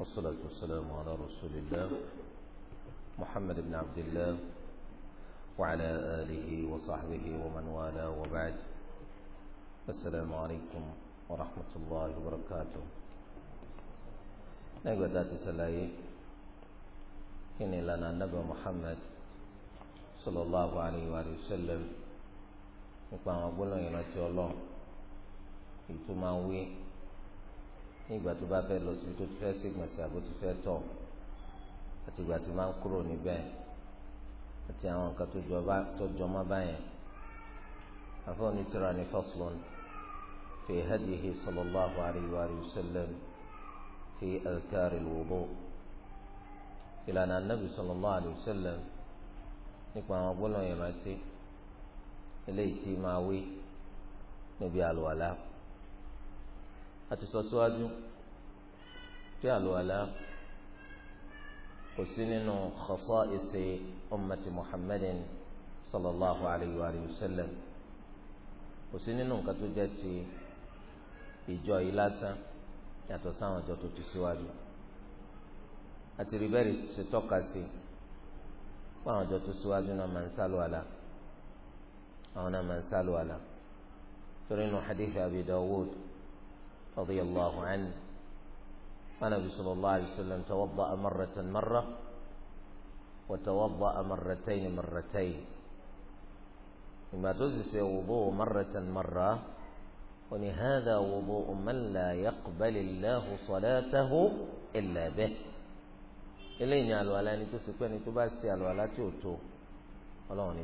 والصلاة والسلام على رسول الله محمد بن عبد الله وعلى آله وصحبه ومن والاه وبعد السلام عليكم ورحمة الله وبركاته نقول ذات سلاي إن لنا النبي محمد صلى الله عليه وآله وسلم نقول أقول لنا الله ìtumọ̀ wí ní ìgbà tó bá fẹ́ lọ síbi tó ti fẹ́ ṣègbọ̀nsẹ̀ àbó ti fẹ́ tọ̀ àti ìgbà tí máa ń kúrò níbẹ̀ àti àwọn nǹkan tó jọ mọ́ báyẹn àfọwọ́n ní tìrà ní faslun fi hadihi sallallahu alayhi wa fi adhkar al ìlànà anabi sallallahu alayhi wa nípa àwọn gbólóhùn ìrántí eléyìí tí máa wí níbi àlùwàlá àti sọ síwájú tí àlùwàlá kò sí nínú khasa'isi ummati muhammadin sallallahu alayhi wa sallam kò sí nínú nǹkan tó jẹ́ ti ìjọ yìí lásán yàtọ̀ sáwọn ìjọ tó ti síwájú àti rí ṣe tọ́ka sí fún àwọn ìjọ tó síwájú náà máa ń sálò àwọn náà máa ń sálò torí nu hadith abi dawud رضي الله عنه النبي صلى الله عليه وسلم توضأ مرة مرة وتوضأ مرتين مرتين لما تجلس وضوء مرة مرة ولهذا وضوء من لا يقبل الله صلاته إلا به eléyìí àlùwàlá ni tó ṣe pé ẹni tó bá ṣe àlùwàlá tí ò tó ọlọ́run ní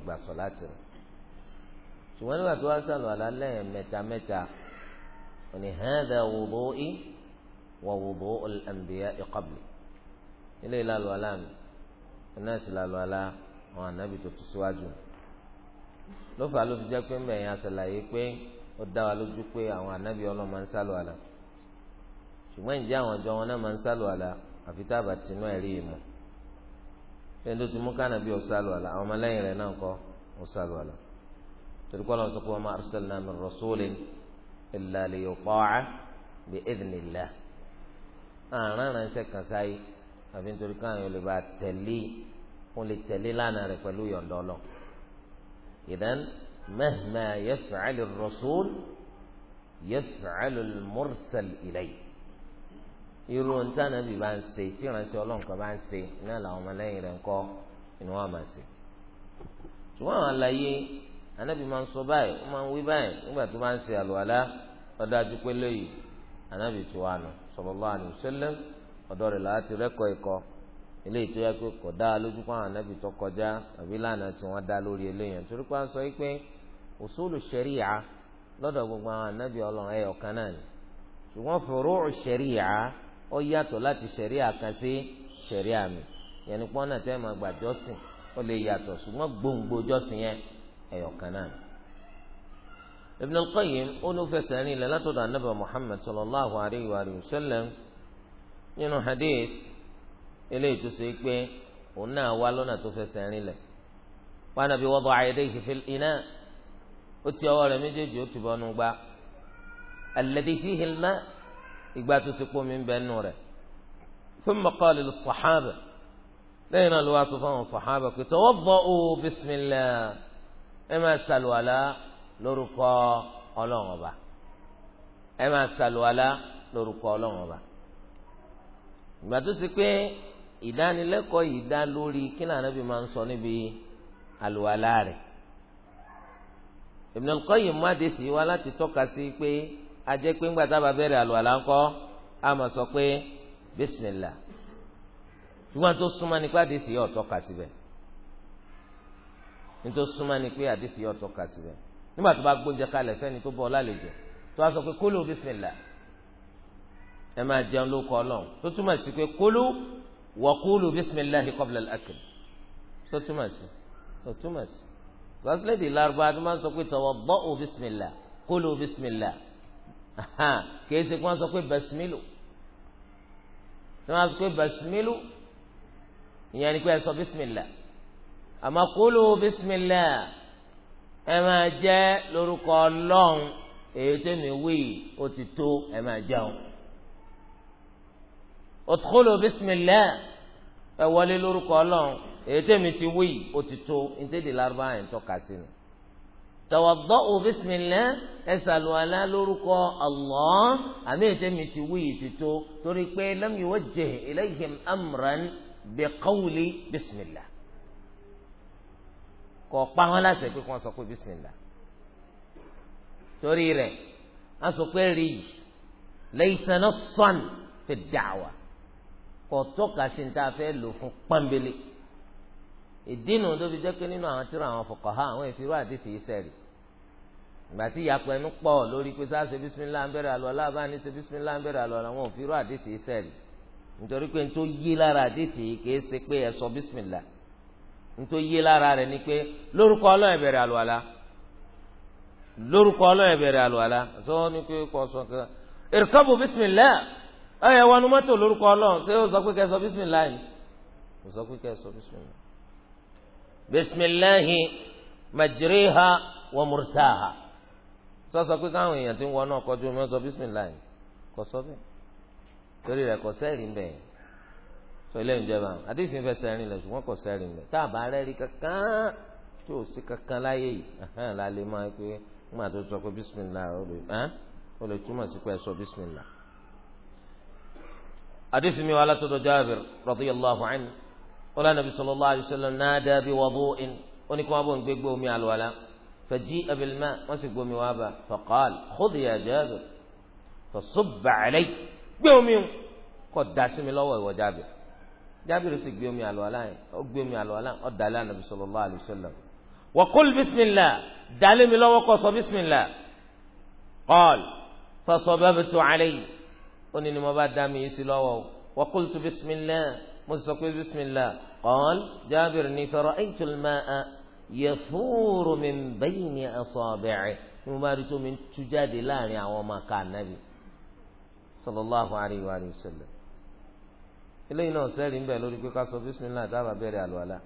òní hẹ́ẹ́dà wudu'i wa wudu'ul anbiya'i qabli ilé ìlàlù alá mi náà sì làlù alá àwọn ànábì tó tún síwájú ló fà á ló fi jẹ́ pé mẹ́yìn aṣàlàyé pé ó dá wa lójú pé àwọn ànábì ọlọ́run máa ń sálù alá ṣùgbọ́n ìjẹ́ àwọn ọjọ́ wọn náà máa ń sálù alá àfi tá a bá tinú ẹ̀rí ìmọ̀ ẹni tó ti mú kánà bí ọ̀sálù àlà àwọn ọmọlẹ́yìn rẹ̀ náà kọ́ ọ̀sálù àlà torí kọ́ lọ́n sọ pé wa ma arsalna min rasulin illa li yuta'a bi idhnillah àrùn ránṣẹ́ kan sáyé àfi nítorí káwọn yóò lè bá tẹ̀lé wọn lè tẹ̀lé lánàá rẹ̀ pẹ̀lú yọ̀ǹdọ́ lọ. ìdán mahma yaf'al ar-rasul yaf'al al-mursal ilayhi. irú ntànà bí bá ń ṣe tí ìránṣẹ́ ọlọ́nkọ́ bá ń ṣe náà làwọn ọmọlẹ́yìn rẹ̀ ń kọ́ inú wọn máa ṣe. ṣùgbọ́n àwọn anabi máa ń sọ báyìí ó máa ń wí báyìí nígbà tó máa ń ṣe àlùwàlá ọdájú pé lẹ́yìn anabi tó wà nù sallallahu alaihi wasallam ọ̀dọ̀ rẹ̀ láti rẹkọ ẹkọ eléyìí tó yẹ pé kò dá lójú pé àwọn anabi tó kọjá àbí lánàá tí wọn dá lórí eléyìí torí pé wọn sọ pé usulu sharia lọ́dọ̀ gbogbo àwọn anabi Ọlọ́run ẹyọ kan náà ni ṣùgbọ́n furu' sharia ó yàtọ̀ láti sharia kan sí sharia mi yẹnni pọ́nà tẹ́ ẹ̀yọ̀kan náà Ibn al-Qayyim olùfẹsẹ̀ rìn lẹ́ látọ̀dọ̀ anábà Muhammad sallallahu alayhi wa sallam nínú hadith eléyìí tó ṣe pé òun náà wá lọ́nà tó fẹsẹ̀ rìn lẹ̀ wánàbí wada'a yadayhi fil ina' ó ti ọwọ́ rẹ̀ méjèèjì ó ti bọ́nu gbá alladhi fihi al-ma' ìgbà tó ti pọ̀ mí bẹ́ẹ̀ nù rẹ̀ thumma qala lis-sahaba lẹ́yìn náà ló wá sọ fún àwọn sàhábà pé tawadda'u bismillah. ẹ máa ṣàlùwàlá lórúkọ ọlọ́run ọba ẹ máa ṣàlùwàlá lórúkọ ọlọ́run ọba ìgbà tó ṣe pé ìdánilẹ́kọ̀ọ́ yìí dá lórí kí ni Ànábì máa ń sọ níbi àlùwàlá rẹ̀ Ibn má dé sí wa láti tọ́ka sí pé a jẹ́ pé ńgbà tá a bá bẹ̀rẹ̀ àlùwàlá a máa sọ pé ṣùgbọ́n tó súnmọ́ nípa dé nítorí súnmọ́ ni pé àdìsí yóò tọ́ka sí rẹ̀ nígbà tó bá gbóúnjẹ kalẹ̀ fẹ́ni tó bọ́ ọ lálejò tó wá sọ pé kólú bísímìlà ẹ máa jẹun ló kọ ọlọ́run tó túmọ̀ sí pé kólú wọ kólú bísímìlà hi qabla al-akl tó túmọ̀ sí tó túmọ̀ sí translate Lárúbá tó máa sọ pé tawadda'u bísímìlà kólú bísímìlà kìí ṣe kí wọ́n sọ pé basmilu tí wọ́n sọ pé basmilu ìyẹn ni pé ẹ sọ bísímìlà àmọ́ kúlù bísímìlá ẹ máa jẹ́ lórúkọ ọlọ́run èyí tó mi wí ó ti tó ẹ máa jẹun òtúkúlù bísímìlá ẹ wọlé lórúkọ ọlọ́run èyí tó mi ti wí ó ti tó ntẹ́dẹ̀ lárúbáwá yẹn tọ́ka sí ni tọwọdọ́wò bísímilẹ́ ẹ̀sàlùwàlá lórúkọ Allah àmì ìtẹ́mi ti wí ìtìtò torí pé lam yuwajjih ilayhim amran biqawli bísímilẹ́ kò pa wọn láṣẹ pé kí wọn sọ pé bisimilá torí rẹ̀ a sọ pé rí i lẹ́yìnsẹ́nà sọ́ọ̀nù fi da'wa kò tọ́ka sí ní ta fẹ́ lò fún pọ́nbélé ìdínú tó fi jẹ́ pé nínú àwọn tíra àwọn fuqaha àwọn ìfirú àdìtì yìí sẹ́rì ìgbà tí ìyàpọ̀ ẹnu pọ̀ lórí pé sáà ṣe bísímìlá ń bẹ̀rẹ̀ àlọ́ láàbá ní ṣe bísímìlá ń bẹ̀rẹ̀ àlọ́ àwọn ìfirú àdìtì yìí sẹ́rì nítorí pé n tó yí lára àdìtì yìí kìí ṣe pé ẹ sọ bísímìlá nítorí yé lára rẹ̀ ni pé lórúkọ ọlọ́run ẹ bẹ̀rẹ̀ lórúkọ ọlọ́run ẹ bẹ̀rẹ̀ ṣé wọ́n ní pé kò sọ kan ìrìkọ́bù bísímìlá ẹ yẹ wọnú mọ́tò lórúkọ ọlọ́run ṣé ó sọ pé kẹsọ bísímìlá yìí ó sọ pé kẹsọ bísímìlá bísímìlá sọ sọ pé káwọn èèyàn ti ń wọnú ọkọ̀ ojú omi ó bísímìlá yìí kò sọ bẹ́ẹ̀ torí rẹ̀ kò sọ ilé ìjọba àdéhùn fẹ́ sẹ́rin lẹ̀ ṣùgbọ́n kò sẹ́rin lẹ̀ tá a bá rẹ́rí kankan tí ò sí kankan láyé yìí la lè máa pé nígbà tó sọ pé bísímìlá ó lè túmọ̀ sí pé ẹ sọ bísímìlá. حديث مي على جابر رضي الله عنه ولا النبي صلى الله عليه وسلم نادى بوضوء ونكو ابو بيغبو مي على ولا فجيء بالماء وسقو مي وابا فقال خذ يا جابر فصب علي يوم قد داسمي لو وجابر jábìrì sì gbé omi àlùwàlá yẹn ó gbé omi àlùwàlá yẹn ó dàlẹ́ ànàbì sallallahu alaihi wasallam wa qul bismillah dàlẹ́ mi lọ́wọ́ kọ́ sọ bísímìlá qal fasababtu alayhi ó ní ni mo bá dá mi yìí sí lọ́wọ́ wa qultu bísímìlá mo sì sọ pé bísímìlá qal jábìrì ní fara'aytu al-ma'a yafuru min bayni asabi'ihi ni mo bá rí tó mi tú jáde láàrin àwọn ọmọ eléyìí náà sẹ́rìí ń bẹ̀ lórí pé ká sọ bísímìlá táwa bẹ̀rẹ̀ àlùwàlá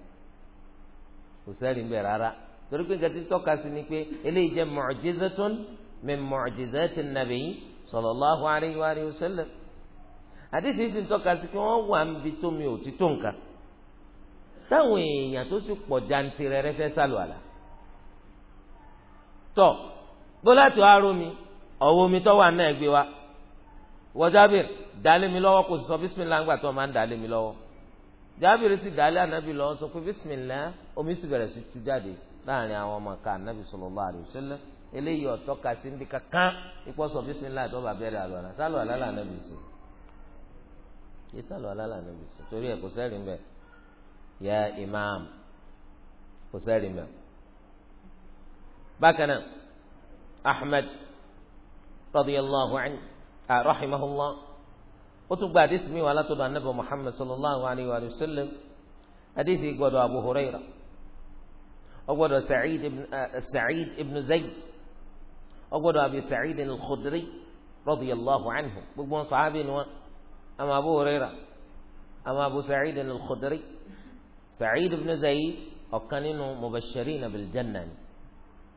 kò sẹ́rìí ń bẹ̀ rárá torí pé nǹkan tí tọ́ka sí ni pé eléyìí jẹ́ mu'jizatun min mu'jizatin nabiy sallallahu alayhi wa alihi wa sallam àdìsí sì ń tọ́ka sí pé wọ́n wà níbi tó mi ò ti tó nǹkan táwọn èèyàn tó sì pọ̀ jantirẹrẹ fẹ́ sàlùwàlà tọ́ bọ́lá tó aró mi ọ̀wọ́ mi tọ́wọ́ àná ẹ̀gbẹ́ wa wọ jábìrì dálé mi lọ́wọ́ kò sọ bísímìlá ńgbà tó máa ń dálé mi lọ́wọ́ jábìrì sì ànábì lọ́wọ́ sọ pé bísímìlá omi sì bẹ̀rẹ̀ sí tú jáde láàrin àwọn ọmọ ká ànábì eléyìí ọ̀tọ́ ka sí ndí kankan ipò sọ bísímìlá tó bá bẹ̀rẹ̀ àlọ́ àná sálọ̀ àlálà ànábì sí yé sálọ̀ àlálà ànábì sí torí kò sẹ́rì yẹ rahimahullah ó tún gba àdìsí mi wà látọ̀dọ̀ anábọ̀ muhammad sallallahu alayhi wa sallam àdìsí gbọdọ̀ abu huraira ọgbọdọ̀ sa'id ibn eh, sa'id ibn zayd ọgbọdọ̀ abi sa'id al-khudri radiyallahu anhu gbogbo wọn sàábì ni wọn àmọ́ abu huraira àmọ́ abu sa'id al-khudri sa'id ibn zayd ọ̀kan nínú mubashirin bil janna ni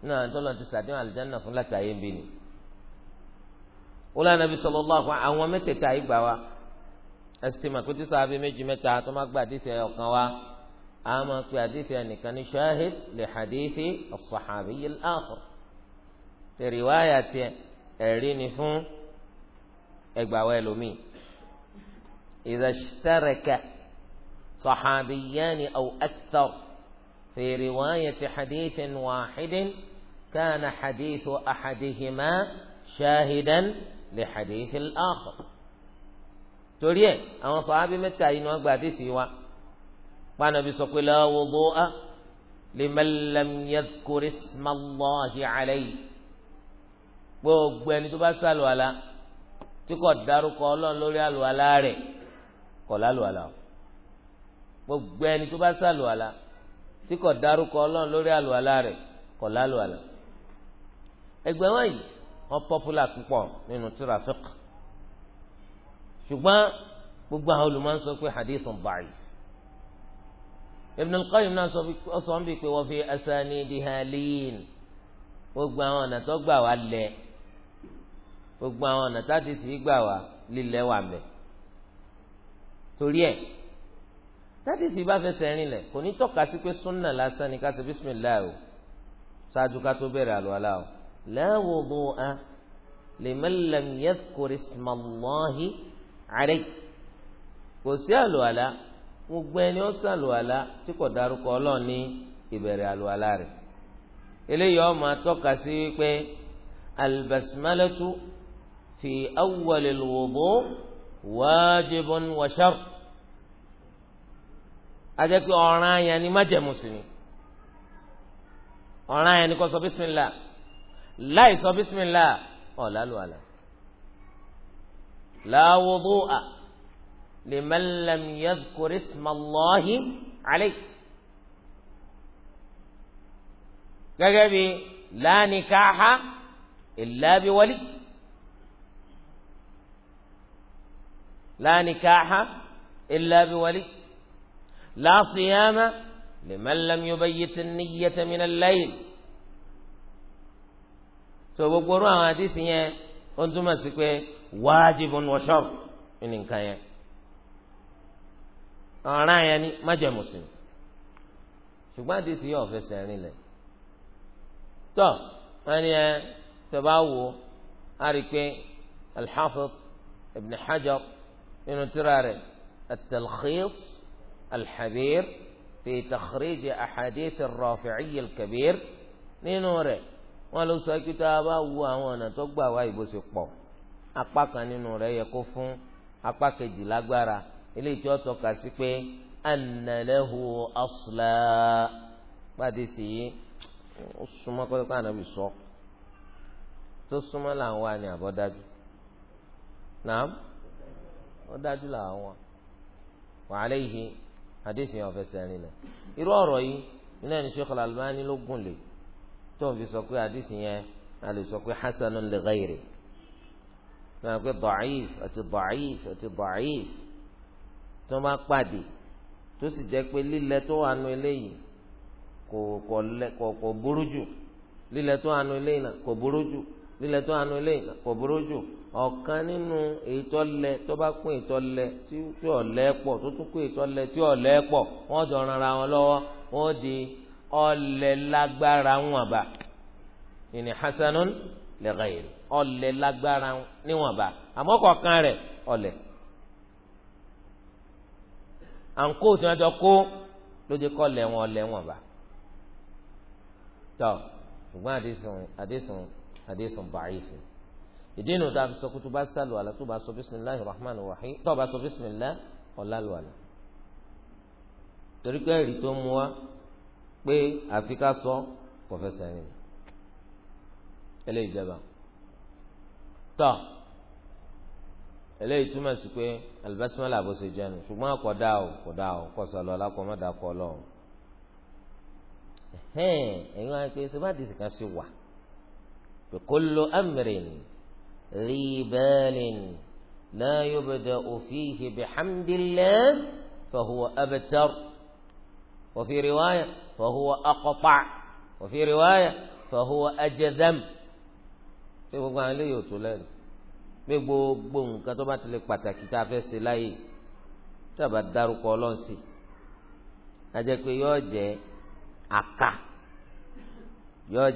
náà ti sàdéhùn aljanna fún látàyè ń bí wọ́n lọ́nà bí sallallahu àwọn mẹ́tẹ̀ẹ̀ta yìí gbà wá ẹsítẹ́mà kó tí sàbẹ̀ méjì mẹ́ta tó má gba wa esitema ko ti so abe ọ̀kan wá a máa pe àdìsí ẹnìkan ní shahid lè hadithi ọ̀sọ̀hàbí yìí láàfọ̀ tẹ̀rí wáyà tiẹ̀ ẹ̀rí ni shahid le hadithi ẹgbàáwá laafo teri wẹ́ lómi idha ishtaraka tẹ̀rí wáyà ti hadithin wahidin kana hadithu ahadihima shahidan. li hadithil akhar torí ẹ àwọn sàhábì mẹ́ta yìí ni wọ́n gba àdéhìí wa pàànàbí sọ pé la wudu'a liman lam yadhkur ismallahi alayhi gbogbo ẹni tó bá sàlùwàlà tí kò dárúkọ ọlọ́run lórí àlùwàlà rẹ̀ kò lálùwàlà o gbogbo ẹni tó bá sàlùwàlà tí kò dárúkọ ọlọ́run lórí àlùwàlà rẹ̀ kò lálùwàlà ẹgbẹ́ wọ̀nyí wọn popular púpọ̀ nínú tírà fiqh ṣùgbọ́n gbogbo àwọn olùmọ̀ sọ pé hadithun da'if Ibn al-Qayyim náà sọ ń bí pé wa fi asanidiha liyin gbogbo àwọn ọ̀nà tó gbà wá lẹ̀ gbogbo àwọn ọ̀nà tá a ti tì gbà wá lílẹ̀ wà mẹ́ torí ẹ̀ tẹ́tí sì bá fẹsẹ̀ rinlẹ̀ kò ní tọ́ka sí pé súnà lásán ni ká ṣe bísímìlá o ṣáájú ká tó bẹ̀rẹ̀ àlùwalá o la wudu'a liman lam yadhkur ismallahi alayhi kò sí àlùwàlá gbogbo ẹni ó sàlùwàlá tí kò dárúkọ Ọlọ́run ní ìbẹ̀rẹ̀ àlùwàlá rẹ̀ eléyìí ó máa tọ́ka sí wípé albasmalatu fi awwalil wudu' wajibun wa shart ajẹ́ pé ọ̀ranyàn ni má mùsùlùmí ọ̀ranyàn ni kó sọ bísímìlá. láì sọ bísímìlá ọ̀la ló àlà láwùdú à liman lam yadhkur ismallahi alayhi gẹ́gẹ́ bí la nikaha illa bi wali la nikaha illa bi wali la siyama liman lam yubayyit an-niyyata layl so gbogbo orú àwọn àdìsí yẹn ó ń túmọ̀ sí pé wájibun wa shart ní nǹkan yẹn ọ̀ràn yẹn ni májẹ̀mú sí i ṣùgbọ́n àdìsí yẹn ò fẹsẹ̀ rinlẹ̀ tó wọn ni ẹ tó bá wò ó a rí i pé al-Hafiz Ibn Hajar nínú tírà rẹ̀ at-Talkhis al-Habir fi takhrij ahadith ar-Rafi'i nínú rẹ̀. wọn ló sọ pé tá a bá wo àwọn ọ̀nà tó gbà wá ìbò ṣe pọ̀ apá kan nínú rẹ̀ yẹ kó fún apá kejì lágbára eléyìí tí ó tọ́ka sí pé ànàlẹ́hu ọ̀ṣùlá pàdé sí i ó súnmọ́ kọ́tọ́kọ́ ànábì sọ tó súnmọ́ làwọn wà ní àbọ̀dájú naam ó dájú làwọn wà wàhálà yìí àdéhùn ọ̀fẹ́ sẹ́rin lẹ̀ irú ọ̀rọ̀ yìí iná ní Sheikh Al-Albani ló gùn tó ń fi sọ pé àdìsí yẹn a lè sọ pé hasanun li ghayri náà pé da'if àti da'if àti da'if tó máa pàdé tó sì jẹ́ pé lílẹ̀ tó wà nù eléyìí kò kò lẹ kò kò burú jù lílẹ̀ tó wà nù eléyìí náà kò burú jù lílẹ̀ tó wà nù eléyìí kò burú jù ọ̀kan nínú ètò ọ̀lẹ tó bá kún ètò ọ̀lẹ tí ọ̀lẹ pọ̀ tó tún kún ètò ọ̀lẹ tí ọ̀lẹ pọ̀ wọ́n jọ ran ara wọn lọ́wọ́ wọ́n di ọlẹ lágbára wọn bá ìní hasanun li ghayri ọlẹ lágbára níwọn bá àmọ́ kọ̀ọ̀kan rẹ̀ ọlẹ ànkó tí wọn jọ kó ló dé kọ lẹ wọn ọlẹ wọn bá tọ ṣùgbọ́n àdéhùn àdéhùn àdéhùn bàáyé fún ìdí inú tá a fi sọ kó tó bá sálù àlá tó bá sọ bisimilahi rahman rahim tó bá sọ bisimilahi ọlálù torí pé ẹ̀rí tó mú wa pé àfi ká sọ kò fẹsẹ̀ rìn eléyìí jẹba tọ eléyìí túmọ̀ sí pé alibasimala àbòsè jẹnu ṣùgbọ́n kò dá o kò dá o kò sọ lọ́la kò má dá kọ lọ o ẹ̀hẹ́n ẹ̀yin wá pé sọ bá di sìkan sí wà pé kullu amrin rí balin la yubda'u fihi bihamdillah fa huwa abtar wa fi riwaya. فهو أقطع وفي رواية فهو أجذم ṣé gbogbo àwọn eléyìí ò tó lẹ́nu gbogbo nǹkan tó bá ti lè pàtàkì tá fẹ́ ṣe láàyè tábà yóò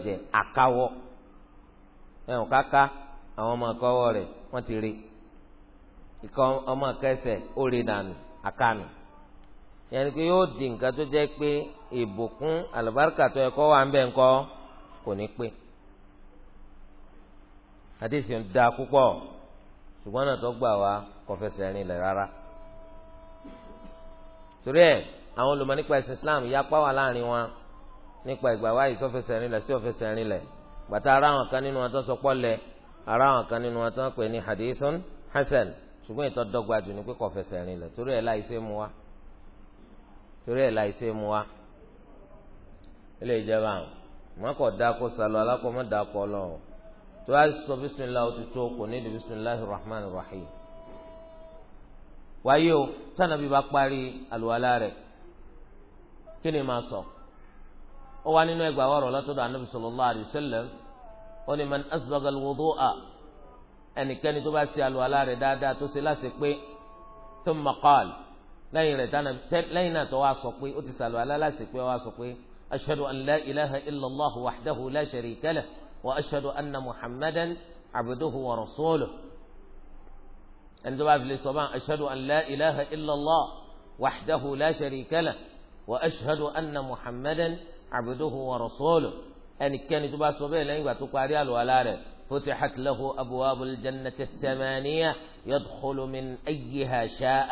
yóò àwọn ọmọ ti yẹn ni pé yóò di nǹkan tó jẹ́ pé ìbùkún àlùbáríkà tó yẹ kó wà ń bẹ̀ ńkọ́ kò ní pé àdìsí ń da púpọ̀ ṣùgbọ́n náà tó gbà wá kò fẹsẹ̀ rìn lẹ̀ rárá torí ẹ̀ àwọn olùmọ̀ nípa ẹ̀sìn Islam yapa wà láàrin wọn nípa ìgbà wáyé tó fẹsẹ̀ rìn lẹ̀ sí ò fẹsẹ̀ rìn lẹ̀ gbàtà ara àwọn kan nínú wọn tó sọ pọ́ lẹ̀ ara àwọn kan nínú wọn tó ń pè ní hadithun hasan ṣùgbọ́n ìtọ́dọ́gba jù ní pé kò fẹsẹ̀ rìn lẹ̀ torí ẹ̀ láì ṣe mu wá torí ẹ̀ láì ṣe mu wa ilé ìjọba wọn kò dáko sálọ alákọ mọ dáko lọ tó a sọ bisimilah o ti tó kò ní di bisimilah rahman rahim wáyé o tànàbí bá parí àlùwalá rẹ̀ kí ni màá sọ ó wà nínú ẹgbàá wọrọ látọ̀dọ̀ anabi sallallahu alayhi wa ó ní man asbaga alwudu'a ẹnikẹ́ni tó bá ṣe àlùwalá rẹ̀ dáadáa tó ṣe láṣẹ pé thumma qala. lẹ́yìn rẹ̀ lẹ́yìn náà tó wá sọ pé ó ti sàlùwàlá láti pé wá sọ pé aṣadu an la ilaha illallah wa wahdahu la sharika kala wa ashhadu anna muhammadan abuduhu wa rasuluhu ẹni tó bá fi lè sọ bá aṣadu an la ilaha illallah wa wahdahu la sharika kala wa ashhadu anna muhammadan abuduhu wa rasuluhu ẹnikẹ́ni tó bá sọ bẹ́ẹ̀ lẹ́yìn ìgbà tó parí àlùwàlá rẹ̀ فتحت له أبواب الجنة الثمانية يدخل من أيها شاء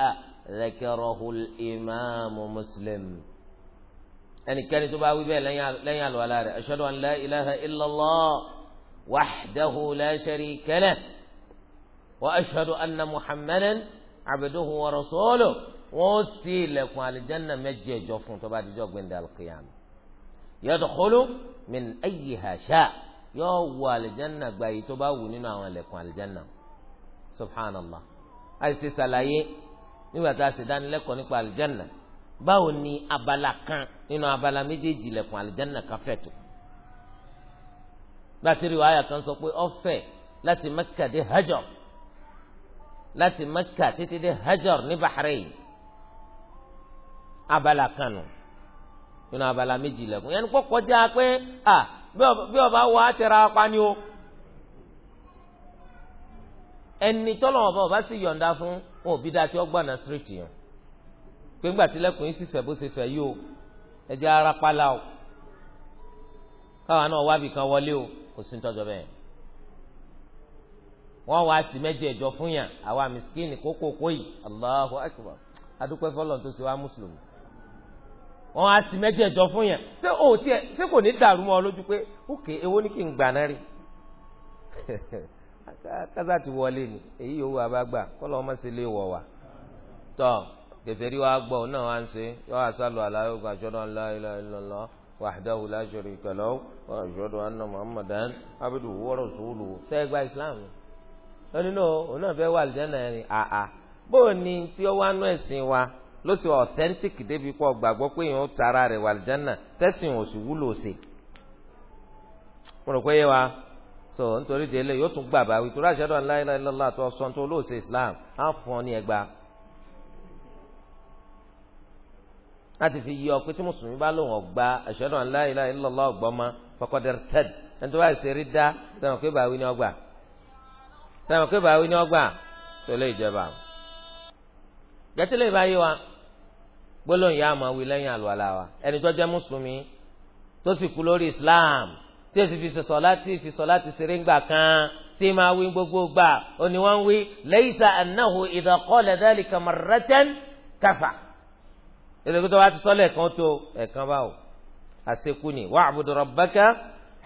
ذكره الإمام مسلم أن كان تباوي به لن يعلو على أشهد أن لا إله إلا الله وحده لا شريك له وأشهد أن محمدا عبده ورسوله وأوصي لكم على الجنة مجي جوفون تبادي جوك من دار القيامة يدخل من أيها شاء يو على الجنة بأي تباوي لكم على الجنة سبحان الله أي سي nígbà tá a sì dánilẹ́kọ̀ọ́ nípa àlìjánà báwo ni abala kan nínú abala méjèèjì lẹ̀kùn àlìjánà kan fẹ̀ tó gbàtírí wàhálà kan sọ pé ọ̀fẹ́ láti Mẹ́kà dé Hajar láti Mẹ́kà títí dé Hajar ní Bahrain abala kan nù nínú abala méjì lẹ̀kùn yẹn kó kọjá pé à bí ọba wà á apani o ẹni tọ́lọ̀ ọba ọba sì yọ̀ǹda fún. wọn ò bí dáa tí wọ́n gbọ́nà síríìtì yẹn pé ńgbà tí lẹ́kùn yín sì fẹ́ bó ṣe o o káwọn náà wábì kan wọlé o kò sí nítọ́jọ́ bẹ́ẹ̀ wọ́n wá sí méjì ẹ̀jọ́ fún yàn àwa mìsíkìnì kókòkò yìí Allahu akbar adúpẹ́ fọlọ́n tó ṣe wá mùsùlùmí wọ́n wá sí méjì ẹ̀jọ́ fún yàn ṣé o tiẹ̀ ṣé kò ní dàrú mọ́ ọ lójú pé ókè ewo ni kí n tábà ti wọlé ni èyí yòówù abágbà kọ́lọ́ ọmọ sí lè wọ̀ wá. tọ́ kẹfẹ́rí wa gbọ́ náà wá ń ṣe yọ àṣàlù aláyọ̀ gbàjọ́ náà la ilaha illallah wahdahu la sharika lahu wa ashhadu anna muhammadan abduhu wa rasuluhu sẹ́gbà islam lónìí náà òun náà fẹ́ wà àlùjáná ẹ̀rìn àà bóò ni tí ó wá nú ẹ̀sìn wa ló sì wà authentic débi kọ́ gbàgbọ́ pé èèyàn ó tara rẹ̀ wà àlùjáná tẹ́sìn òsì wúlò sí. mo rò pé yé wa so nítorí délé yóò tún gbà bá wípé ráṣẹ́ dọ̀ la ilaha illallah tó sọ tó lóòsè islam á fún ọ ní ẹgbàá láti fi yí ọ pé tí mùsùlùmí bá lòun ọgbà ashhadu an la ilaha illallah ọgbọ́mọ fọkọdẹrẹ tẹ́d ẹni tó bá ṣe rí dá sẹ́wọ̀n pé bàáwí ni ọgbà sẹ́wọ̀n pé bàáwí ni ọgbà tó lè jẹba. gẹ́tẹ́lẹ̀ ìbáyé wa gbólóhùn yá máa wí lẹ́yìn àlùwàlá wa ẹni tó jẹ́ mùsùlùmí tó sì kú lórí islam tí èsì fi sọ̀sọ̀ láti fi sọ̀ láti ṣeré ńgbà kan tí máa wí gbogbo gbà ó ní wọ́n wí laysa annahu idha qala dhalika marratan kafa ìdókòtò wa ti sọ lẹ́ẹ̀kan tó ẹ̀kan báwo àṣekú ni wa'budu rabbaka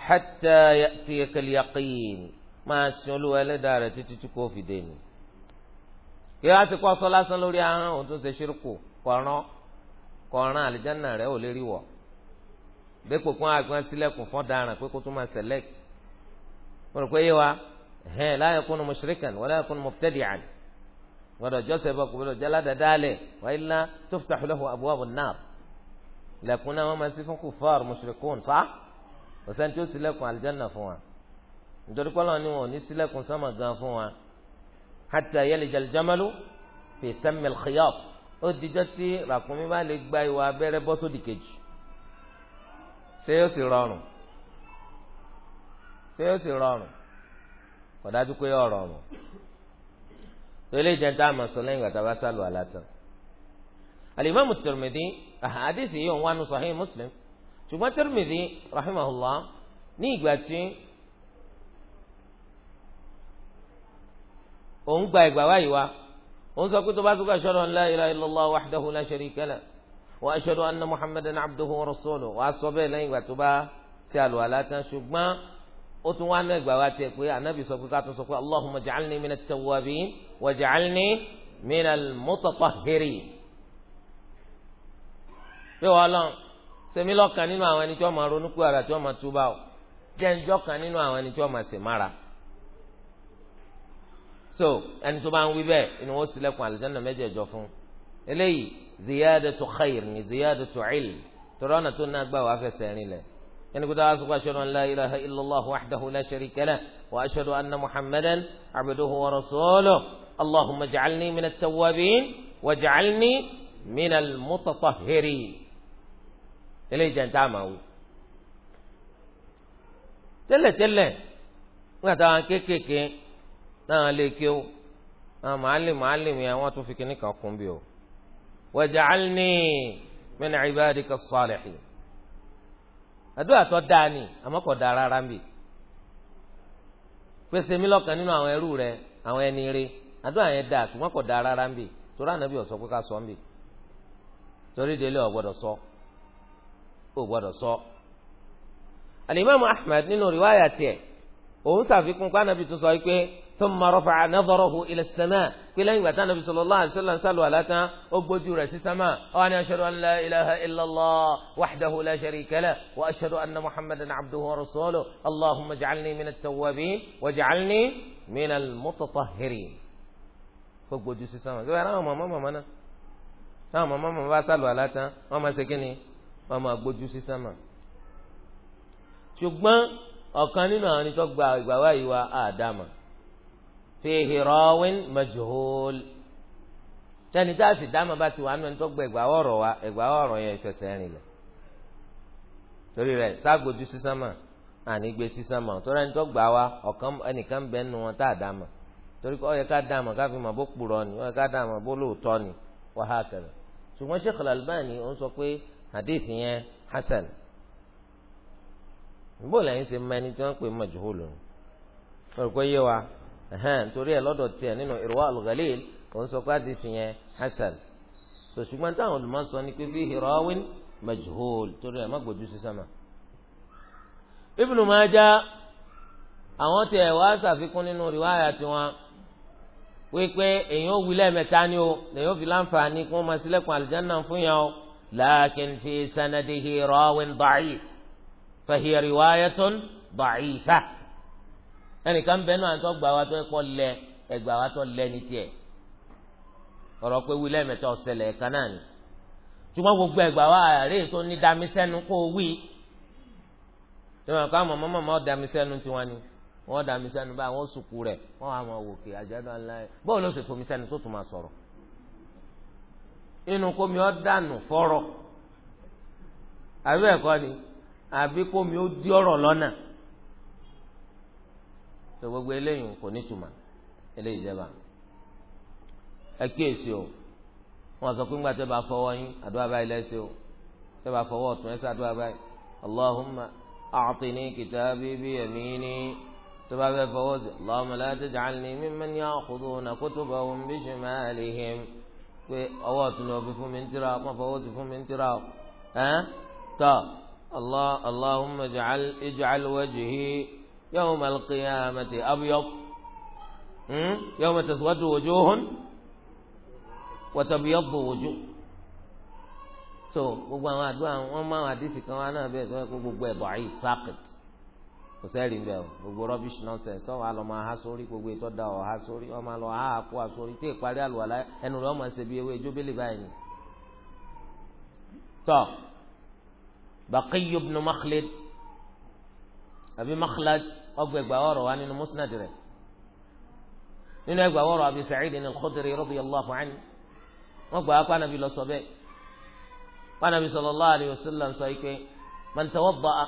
hatta ya'tiyaka al-yaqin máa sin olúwa ẹlẹ́dàá rẹ̀ títí tí kò fi dé ni. kí wọ́n ti kọ́ sọ lásán lórí ahọ́n òun tó ṣe ṣírkù kọ̀ọ̀rán bẹ́ẹ̀kọ̀ kún àgbọn sílẹ̀kùn fọ́n daràn pé kó tún máa select wọ́n rò pé yé wa hẹ́n la yakunu mushrikan wala yakunu mubtadi'an gbọ́dọ̀ jọ́sẹ̀ bọ́ kò gbọ́dọ̀ jẹ́ aládàádáálẹ̀ wa illa tuftahu lahu abwabu an-nar ilẹ̀kùn náà wọ́n máa sí fún kufar mushrikun sá ọ̀sán tí ó sílẹ̀kùn aljanna fún wa nítorí pọ́lọ́ ni wọn ò ní sílẹ̀kùn sánmà gan fún wa hatta yalija al-jamalu fi sammi al ó dijọ́ tí ràkúnmí bá lè gba ìwà abẹ́rẹ́ bọ́ kejì ṣé yóò sì rọrùn ṣé yóò sì rọrùn kò dájú pé yóò rọrùn tẹ́lẹ̀ jẹ́ tá a mọ̀ sọ lẹ́yìn gbàtà bá sálù àlàtàn. alimami Tirmidhi àhàdìsí yìí òun wà nù Sahih Muslim ṣùgbọ́n Tirmidhi rahimahullah ní ìgbà tí òun gba ìgbà wáyìí wa òun sọ pé tó bá tó kà ṣọ́nà la ilaha illallah wahdahu la sharika lahu wa ashhadu anna عبده ورسوله واصبر rasuluhu wàá sọ bẹ́ẹ̀ lẹ́yìn ìgbà tó bá ti àlùwàlá tán ṣùgbọ́n ó tún wá ná ìgbà wa tiẹ̀ pé anabi sọ pé ká tún sọ pé allahumma ja'alni mina tawwabin wa ja'alni mina mutatahhirin pé wọ́n lọ sẹ́mi lọ́kàn nínú àwọn ẹni tí wọ́n máa ronú ara tí wọ́n máa túbà ó jẹ́ kan nínú àwọn ẹni tí wọ́n máa ṣèmára so ẹni tó bá ń wí bẹ́ẹ̀ ni wọ́n ṣílẹ̀kùn àlùjánnà mẹ́jẹ̀ẹ̀jọ fún un. eléyìí ziyadatu khair ni ziyadatu ilm torí ọ̀nà tó náà gbà wàá fẹsẹ̀ rìn lẹ̀ yẹn kó dáa sọ́kọ́ aṣọ́nà la ilaha illallah wahdahu la sharika lah wa ashhadu anna muhammadan abduhu wa rasuluhu allahumma ja'alni min at-tawwabin wa ja'alni min al-mutatahhirin eléyìí jẹ́ ntá màá wò tẹ́lẹ̀tẹ́lẹ̀ nígbà táwọn kéékèèké náà lè kí o àwọn màálìmù màálìmù yẹn wọ́n tún fi kíní kan kún bí o. waj'alni min ibadika as-salihin àdúrà tó dáa ni àmọ́ kò dáa rárá mi pèsè mi lọ́kàn nínú àwọn ẹrú rẹ àwọn ẹni rẹ àdúrà yẹn dáa ṣùgbọ́n kò dáa rárá mi torí ànábì ọ̀sọ́ pé ká sọ mi torí délé ò gbọ́dọ̀ sọ ò gbọ́dọ̀ sọ. alimami ahmed nínú riwaya òun ṣàfikún pé ànábì pé. ثم رفع نظره إلى السماء في يبقى النبي صلى الله عليه وسلم سألوا لك أقبض رأس السماء وأنا أشهد أن لا إله إلا الله وحده لا شريك له وأشهد أن محمدا عبده ورسوله اللهم اجعلني من التوابين واجعلني من المتطهرين أقبض السماء قال أنا ماما ماما أنا ماما ماما سألوا لك ماما سكني ماما أقبض رأس السماء ṣùgbọ́n ọ̀kan nínú àwọn ẹni tó gba ìgbà wáyé wa àdámà fihi rawin majhul tẹni tá a sì dá màbá tiwa nínú ẹni tó gba ẹgbàá ọ̀rọ̀ wa ẹgbàá ọ̀rọ̀ yẹn ìfẹsẹ̀ rìn lẹ̀ torí rẹ̀ ságbójú sísánmà ànígbé sísánmà torí ẹni tó gbà wa ọ̀kan ẹnìkan bẹ́ẹ̀ nu wọn tá a dá mà torí ó yẹ ká dá mà ká fi mà bó kpùrọ̀ ni ó yẹ ká dá mà bó lóòótọ́ ni wà á kẹrẹ ṣùgbọ́n Sheikh Al-Albani ó sọ pé hadith yẹn hasan bó ṣe mẹ́ni tí wọ́n pè mọ̀ jùhùlù ó rò yé wa ẹhẹn torí ẹ lọ́dọ̀ tiẹ̀ nínú ìrọwà al-Ghalil òun sọ pé àdìsí yẹn hasan tó ṣùgbọ́n táwọn olùmọ̀ sọ ni pé fihi rawin majhul torí ẹ má gbójú sí sánmà. Ibn Majah àwọn tiẹ̀ wá ṣàfikún nínú riwaya tiwọn wípé èyàn wí lẹ́ẹ̀mẹ́ta ni o lèyàn fi láǹfààní kí wọ́n máa àlùjáná fún yàn o lakin fi sanadihi rawin da'if fahiya riwayatun da'ifah. ẹnìkan bẹ́ẹ̀ náà tó gbà wá tó kọ́ lẹ ẹgbà wá tó lẹ ní tiẹ̀ ọ̀rọ̀ pé wí lẹ́ẹ̀mẹ́ta ọ̀sẹ̀lẹ̀ ni gbogbo ẹgbà wá àárẹ̀ tó ní dami kó wí tẹ̀wọ̀n ká mọ̀ mọ́mọ́ mọ́ dami tiwọn ni wọ́n dami sẹ́nu báyìí sùkú rẹ̀ wọ́n wà mọ̀ wòkè àjọyọ̀ ńlá yẹn bóun ló sì fomi sẹ́nu tó tún máa sọ̀rọ̀ inú kómi ọ dànù fọrọ, àbí ẹ̀kọ́ ni àbí kómi ó di tó gbogbo eléyìí kò ní tuma eléyìí jẹba ẹ kíyèsí o wọn sọ pé ńgbà tẹ́ bá fọwọ́ yín àdúrà báyìí lẹ́sẹ̀ o tẹ́ bá fọwọ́ ọ̀tún ẹsẹ̀ àdúrà báyìí allahumma a'tini kitabi bi yamini tó bá fẹ́ fọwọ́ sí allahumma la taj'alni mimman ya'khudhuna kutubahum bi shimalihim pé ọwọ́ ọ̀tún ni òfin fún mi ń tira wọn fọwọ́ sí fún mi ń tira ẹ tọ allahumma ij'al wajhi. يوم القيامة أبيض يوم تسود وجوه وتبيض وجوه so gbogbo àwọn àdúrà wọn máa wà díìtì kan wá náà bẹ́ẹ̀ tó kó gbogbo ẹ̀ bọ̀ọ̀yì socket kò sẹ́ẹ̀lì ń bẹ̀ o gbogbo rubbish nonsense tó wà lọ́ máa há sórí gbogbo ètò ọ̀dà ọ̀ há sórí wọ́n máa lọ há àpò àsórí tí ìparí àlùwàlá ẹnu rẹ̀ ọmọ ṣe bí ewé jóbélé báyìí. tọ́ Baqiyyu ibn Makhlad àbí Makhlad ọgbẹgba ọ̀rọ̀ wa nínú musnad rẹ̀ nínú ẹgbà ọ̀rọ̀ Abi Sa'id al-Khudri radiyallahu anhu wọn gbà wá anabi lọ sọ bẹ́ẹ̀ anabi sallallahu alayhi wa sallam sọ ike man tawadda'a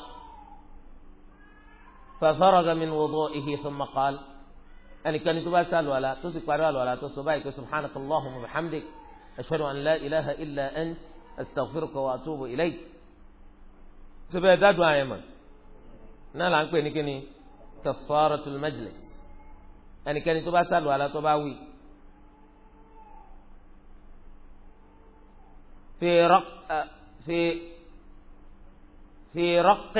fa faraga min wudu'ihi thumma qala ẹnikẹ́ni tó bá sálù àlá tó sì parí àlù àlá tó sọ báyìí pé subhanaka allahumma wa bihamdik ashhadu an la ilaha illa ant astaghfiruka wa atubu ilayk. sọ bẹ́ẹ̀ dádùn àyẹ̀mọ̀ náà là ń pè ní kíni kafaratul majlis ẹnikẹ́ni tó bá sàlù àlá tó bá wí. في رق في في رق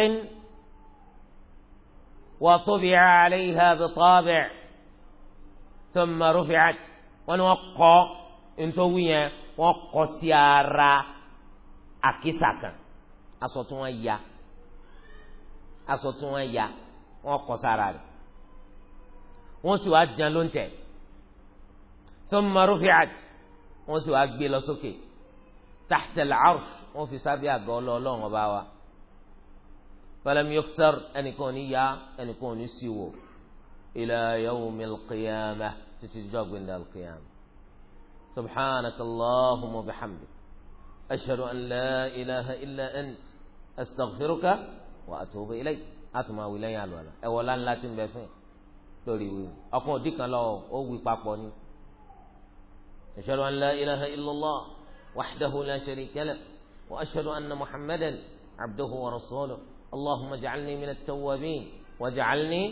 وطبع عليها بطابع ثم رفعت ونوقع انتويا وقع سيارة أكيساكا أصوتوا يا أصوتوا يا wọn kọ sára rẹ̀ wọn sì wá jẹun ló ń tẹ̀ thumma rufi'at wọn sì wá gbé lọ sókè tahta al-arsh wọn fi sábẹ́ àgọ́ ọlọ́ọ̀lọ́wọ́n bá wa falam yuksar ẹnìkan ò ní ya ẹnìkan ò ní sí wò ila yawmil qiyamah títí jọ́gbìn dàl qiyamah subhanak allahumma wa ashhadu an la ilaha illa ant astaghfiruka wa atubu ilayk àtùmọ̀ àwìn lẹ́yìn àlùwàlà ẹ̀wọ̀ ńláńlá ti ń bẹ fún lórí wíwì ọkàn òdì kan lọ́wọ́ ó wí papọ̀ ni. ashhadu an la ilaha illallah wahdahu la sharika lahu wa ashhadu anna muhammadan abduhu wa rasuluhu allahumma ja'alni min at-tawwabin wa ja'alni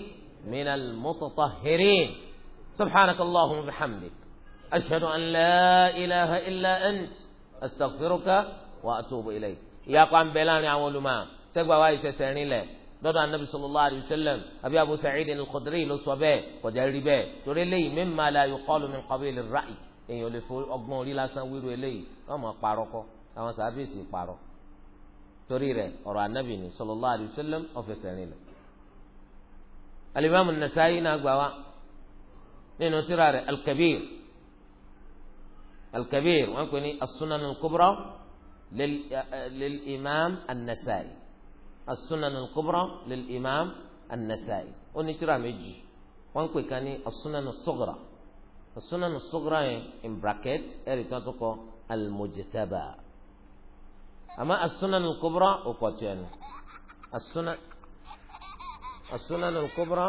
min al-mutatahhirin subhanaka allahumma bihamdik ashhadu an la ilaha illa ant astaghfiruka wa atubu ilayk ìyá kan bẹ láàrin àwọn olùmọ̀ sẹ́gbàá wa ìfẹsẹ̀ rinlẹ̀ lọ́dọ̀ anabi sallallahu alayhi wa sallam àbí abu sa'id al-khudri ló sọ bẹ́ẹ̀ kọjá rí bẹ́ẹ̀ torí eléyìí mimma la yuqalu min qabil ar-ra'i èèyàn ò lè fo ọgbọ́n orí lásán wíru eléyìí wọ́n mọ̀ parọ́ kọ́ àwọn sàbẹ̀sì parọ́ torí rẹ̀ ọ̀rọ̀ anabi ni sallallahu alayhi wa sallam rìn lọ. alimami nasa'i náà gbà wá nínú tírà rẹ̀ al-kabir al السنن الكبرى للإمام النسائي onítìrà méjì wọ́n ń pè السنن الصغرى السنن الصغرى yẹn in bracket ẹ̀rì tó المجتبى أما السنن الكبرى وقتين السنن السنن الكبرى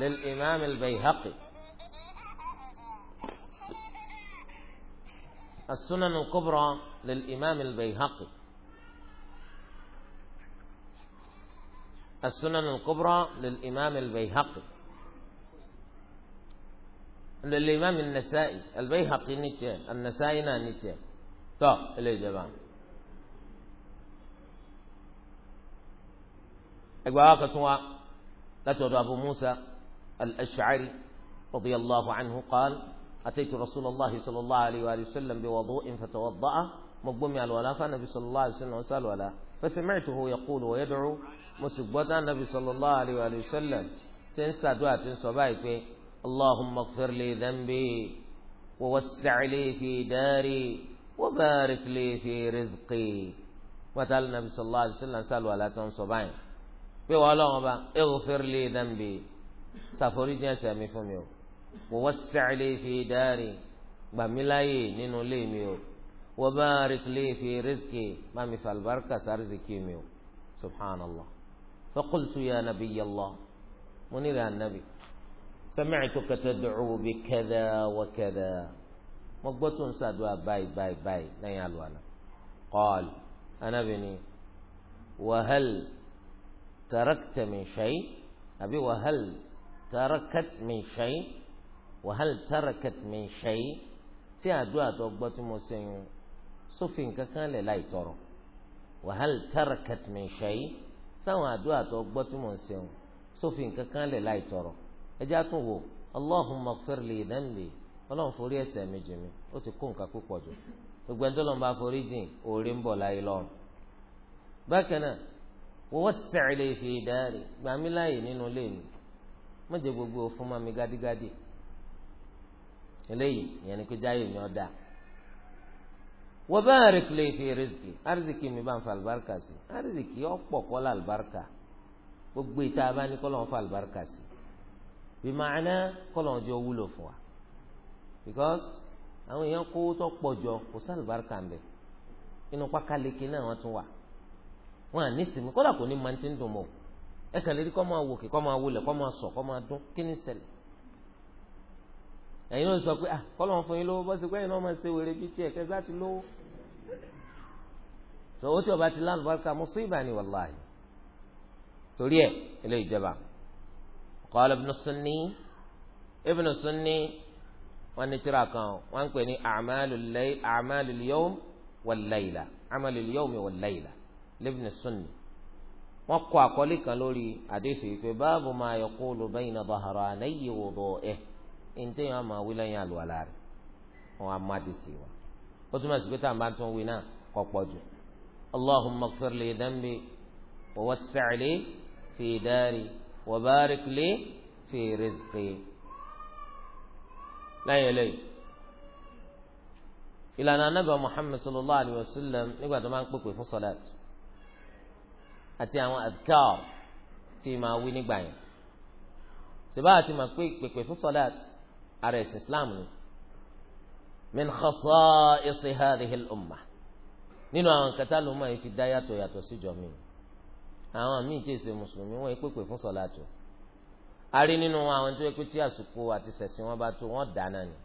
للإمام البيهقي السنن الكبرى للإمام البيهقي السنن الكبرى للإمام البيهقي للإمام النسائي البيهقي نيتشي النسائي نيتشي طب جبان أقوى لا تود أبو موسى الأشعري رضي الله عنه قال أتيت رسول الله صلى الله عليه وآله وسلم بوضوء فتوضأ على الولاء فالنبي صلى الله عليه وسلم وسأل ولا فسمعته يقول ويدعو mo sì gbọ́ tán nàbì sallallahu alayhi wa sallam tí ń sàdúrà tí ń sọ báyìí pé allahumma ighfir li dhanbi wa wassi' li fi dari wa barik li fi rizqi pátálì nàbì sallallahu alayhi wa sallam sàlù àlàtà ń sọ báyìí pé wọ́n lọ́wọ́n bá ighfir li dhanbi ṣàforíjì ẹ̀ṣẹ̀ mi fún mi o wa wassi' li fi dari gbàmíláyè nínú ilé mi o wa barik fi rizqi má mi fàlùbáríkà sáà rìzìkì mi o subhanallah. فقلت يا نبي الله منير النبي سمعتك تدعو بكذا وكذا مقبت سادوا باي باي باي نيالو أنا قال أنا بني وهل تركت من شيء أبي وهل تركت من شيء وهل تركت من شيء سيادوا تقبت مسيون سوفين كان لا يترى وهل تركت من شيء sáwọn àdúrà tó gbọ́ tí mò ń ṣe wọn sófin nǹkan lè láì tọrọ ẹjẹ́ àtún wò allahumma ighfir li dhanbi ọlọ́run forí ẹ̀ṣẹ̀ mi mí ó ti kó nǹkan púpọ̀ jù gbogbo ẹni tó lọ́n bá forí jìn ń bọ̀ láyé lọ́rùn. gbogbo fún gádígádí eléyìí ìyẹn ni pé mi wa لي في fi rizqi arzikì mi bá ń fa àlùbáríkà sí arzikì ọ̀pọ̀ kọ́ la àlùbáríkà gbogbo ìta bá ní kọ́lọ́ ń fa àlùbáríkà sí bí màánà kọ́lọ́ ń jẹ́ wúlò fún wa because àwọn èèyàn kó tó pọ̀ jọ kò sí àlùbáríkà ń bẹ inú pákáleke náà wọ́n tún wà wọn à ní sinmi kọ́lá kò ní máa ti ń dùn mọ́ ẹ kàn lè rí kọ́ máa wòkè kọ́ máa wọlé kọ́ máa sọ kọ́ máa dún kí ni ṣẹlẹ̀ ẹ̀yin ló sọ pé ah kọ́lọ́ fún yín lówó bọ́sẹ̀ sọwọ́ tí ọba ti lánàá bárúkà mùsíbà ni wàláhì torí ẹ ilé ìjọba qala ibn sunni ibn sunni wọn ní tíra kan wọn ń pè ní a'malul yawm wal layla a'malul yawm wal layla ibn sunni wọn kọ àkọlé kan lórí àdéhùn ìpè báàbù ma yaqulu bayna dhahranayhi wudu'ihi ẹ̀ ǹjẹ́ yẹn wọn máa wí lẹ́yìn àlùwàlá rẹ̀ wọn á má dé sí wa ó túmọ̀ sí pé tá à ń tún wí náà kọ́ pọ̀ jù اللهم اغفر لي ذنبي ووسع لي في داري وبارك لي في رزقي لا يلي إلى أن النبي محمد صلى الله عليه وسلم يقول ما أنك في الصلاة أتي أنا أذكار في ما ويني باين سباتي ما كويك بك في الصلاة على الإسلام من خصائص هذه الأمة nínú àwọn kẹta ló máa fi dá yàtọ̀ yàtọ̀ síjọ mi àwọn míì tí èsè mùsùlùmí wọn pèpè fún sọláàtò a rí nínú àwọn tó yẹ pé tí àsìkò àti sẹ̀sìn wọn bá tó wọn dáná ni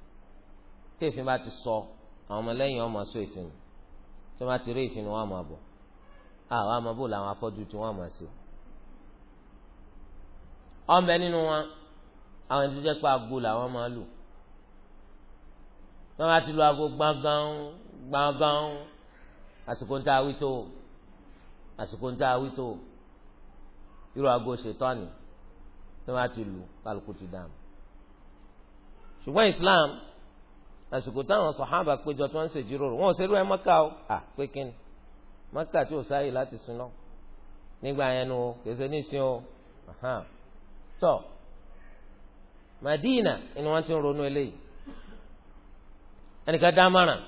tí èéfín bá ti sọ àwọn ọmọlẹ́yìn ọmọ sọ èéfín tí wọ́n bá ti rí èéfín wọn máa bọ̀ àwọn àmọ́bò làwọn afọ́jú tí wọ́n máa ṣe. ọ̀nbẹ nínú wọn àwọn ètò jẹ́ pé agbo làwọn máa lù wọ́n bá ti lu agbo gbọ̀ngàn gbọ̀ngàn àsìkò ntá awí tó àsìkò ntá awí tó irú aago ṣètọ́ni tí wọ́n á ti lù kálukú ti dànù ṣùgbọ́n Islam àsìkò táwọn sọ̀hábà péjọ tí wọ́n ń ṣèjíròrò wọn ò ṣerú ẹ mọ́kà ó à pé kíni mọ́kà tí ò sáyè láti súná nígbà yẹn nu kèsè nísìn o tọ Madina ni wọ́n ti ń ronú eléyìí ẹnìkan dá márùn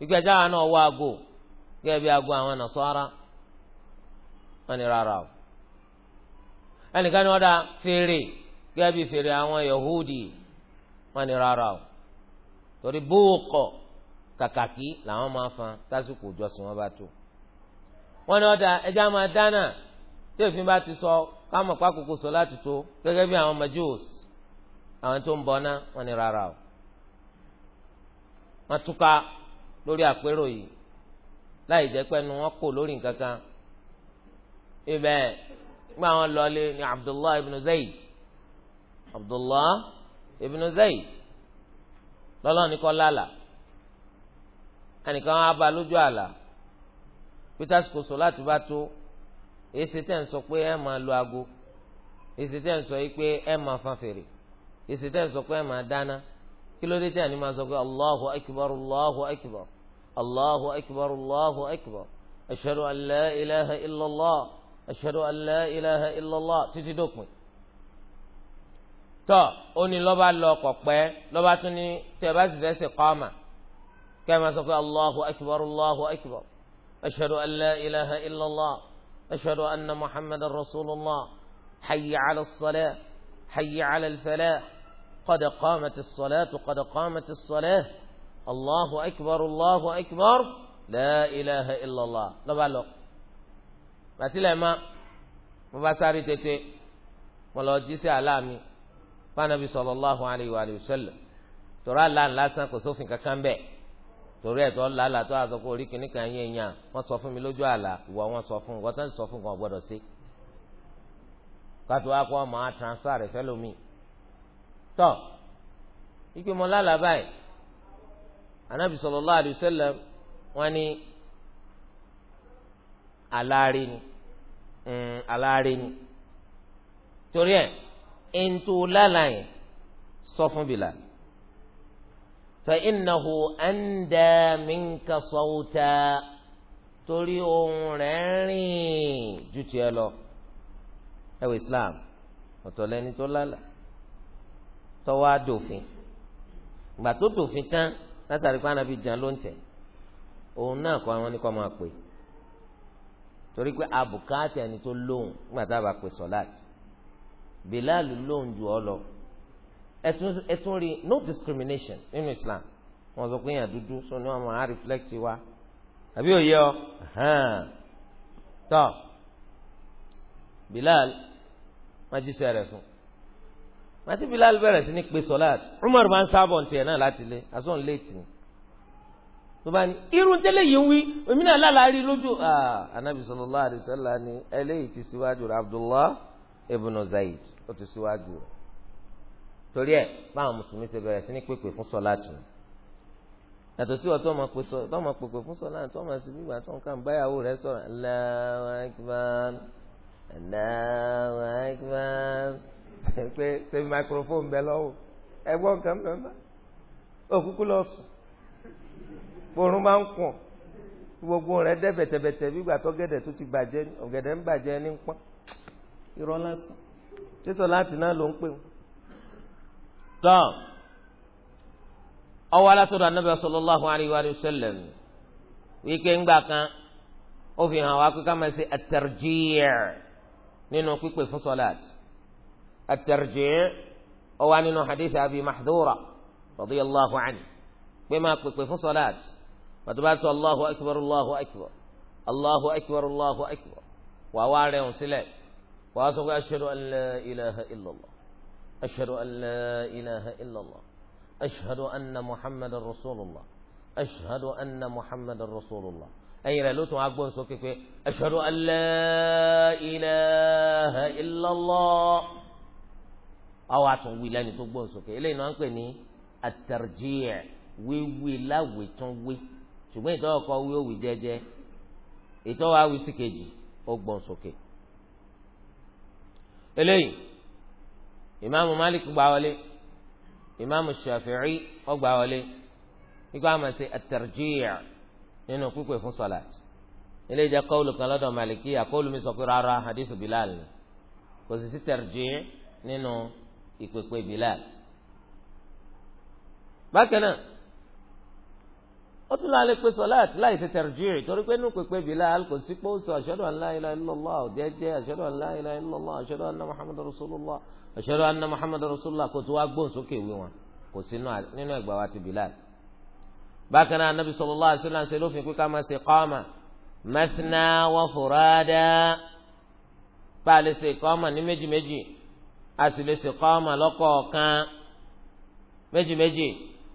ìgbà náà wá aago gẹ́gẹ́ bí aago àwọn wọn ni rárá o ẹnìkan ni wọ́n dá fèrè gẹ́gẹ́ bí fèrè àwọn yahudi wọn ni rárá o torí bóòkọ kàkàkí làwọn máa fan tásìkò wọn bá tó wọn ni wọ́n ẹja máa dáná tí òfin bá ti sọ káwọn pàkókò sọ láti tó gẹ́gẹ́ bí àwọn majus àwọn tó ń lórí àpérò yìí láì jẹ́ pé nu wọn kò lórí nǹkan kan ibẹ̀ gba àwọn lọlé ní ibn Zayd abdullahi ibn Zayd lọ́lọ́run ní kọ́ lálà ẹnìkan á ba lójú àlà Peter skoso láti bá tó èsì tẹ̀ ń sọ pé ẹ máa lo aago èsì tẹ̀ ń sọ yìí pé ẹ máa fan fèrè èsì tẹ̀ ń sọ pé ẹ máa dáná kí ló dé ní máa sọ pé Allahu الله أكبر الله أكبر أشهد أن لا إله إلا الله أشهد أن لا إله إلا الله títí دوكم تا أوني ní lọ́ba lọ kọ̀ pẹ́ lọ́ba tún ní كما bá الله أكبر الله أكبر أشهد أن لا إله إلا الله أشهد أن محمد رسول الله حي على الصلاة حي على الفلاح قد قامت الصلاة قد قامت الصلاة allahu akbar allahu akbar la ilaha illallah lọ́ba lọ. bàtílẹ̀ ma mo bá sáré tètè mo lọ jíṣẹ́ aláàmì fanabi sallallahu alayhi wa sallam torí àlá lásán kò sófin kankan bẹ́ẹ̀ torí ẹ̀ tó lálà tó àzọ kó orí kìnnìkan yẹn yàn wọ́n sọ fún mi lójú àlá ìwọ wọ́n sọ fún wọ́n tán sọ fún kan gbọ́dọ̀ sí kátó akọ ọmọ transfer rẹ̀ fẹ́ lómi tọ́ ìpè mọ́ lálà báyìí anabi sallallahu alayhi wa sallam wọ́n ní aláàrí ni aláàrí ni torí ẹ̀ ẹ̀ǹtò lálàyé sọ fún Bilal fa innahu anda minka sawta torí ohun rẹ̀ rìn ju tiẹ̀ lọ ẹ wò Islam ọ̀tọ̀ tó lálà tọ́wọ́ àdòfin gbà dòfin tán látàrí pé anabi jàn ló ń tẹ̀ òun náà kọ́ àwọn oníkọ́ máa pè torí pé abùkátì ẹni tó lóhùn nígbà tá a bá pè sọ́láàtì bilal lóhùn jù ọ lọ ẹtún rí no discrimination nínú islam wọn sọ pé èèyàn dúdú so ni wọn máa reflect wa àbí òye ọ tọ bilal wọn jíṣẹ́ rẹ̀ fún un màtí Bilal bẹ̀rẹ̀ sí ní pé sọ́láàt Umar máa ń sábọ̀ tiẹ̀ náà láti lé asọ́n léètì ni tó bá ní irun tẹ́lẹ̀ yìí ń wí èmi náà lálàárí lójú anabi sallallahu alaihi wasallam ni eléyìí ti síwájú rẹ̀ Abdullah ibn Zayd ó ti síwájú rẹ̀ torí ẹ̀ báwọn mùsùlùmí ṣe bẹ̀rẹ̀ sí ní pèpè fún sọ́láàt ni yàtọ̀ sí ọ̀tọ́ máa pèsè ọ̀tọ́ fún sọ́lá àti ọ̀tọ́ máa sì bíbà tó ń kàn báyàwó rẹ̀ sọ̀rọ̀ pé sẹ́mi microphone bẹ lọ́wọ́ ẹgbọ́n nǹkan bẹ́ẹ̀ bá òkúkú lọ sùn borun máa ń kùn gbogbo rẹ̀ dẹ́ bẹ̀tẹ̀bẹ̀tẹ̀ bí gbàtọ́ gẹ̀dẹ̀ tó ti bàjẹ́ ọ̀gẹ̀dẹ̀ ń bàjẹ́ ní pọ́n irọ́ lásán sísọ láti náà ló ń pè wọ́n. tán ọwọ́ alátọ́dọ̀ anábẹ́ sallallahu alayhi wa sallam wíkẹ́ ńgbà kan ó fi hàn wá pé ká máa ṣe at-tarjih nínú pípé fún sọ́láàtì الترجيع وانه حديث ابي محذوره رضي الله عنه بما قلت في صلاه فتبات الله اكبر الله اكبر الله اكبر الله اكبر وواري وسلام واثق اشهد ان لا اله الا الله اشهد ان لا اله الا الله اشهد ان محمد رسول الله اشهد ان محمد رسول الله اي لا لوتو اغبون سوكي اشهد ان لا اله الا الله ọwọ́ àtúnwí lẹ́ni tó gbóhùn sókè eléyìí náà ń pè ní àtàrjíyà wíwí láwìtúnwí ṣùgbọ́n ìtọ́wọ́ kọ wí òwì jẹ́jẹ́ ìtọ́wọ́ àwí sí kejì ó gbóhùn sókè. eléyìí ìmáàmù Malik gbà wọlé ìmáàmù Shafi'i ó gbà wọlé ikú àmọ̀ sí àtàrjíyà nínú pípé fún sọ̀láàtì eléyìí jẹ́ kọ́ọ̀lù Maliki àkọ́ọ̀lù mi sọ pé rárá hadith Bilal ni kò ìpèpè Bilal bákan náà ó tún lọ alẹ́ pé sọláàt láì ṣe tẹ̀rẹ̀jìrì torí pé inú pèpè Bilal kò sí pé ó sọ ashadu an la ilaha illallah ọ̀dẹ́jẹ́ ashadu an la ilaha illallah ashadu anna muhammadu rasulullah ashadu anna muhammadu rasulullah kò tó wá gbóhùn sókè wí wọn kò sí nínú ẹgbà wa ti Bilal bákan náà anabi sallallahu alaihi ṣe lófin pé ká máa ṣe qama mathna wa furada pàlẹ́ ṣe qama ní méjì a sì lè ṣe kọ́ọ̀mà lọ́kọ̀ọ̀kan méjì méjì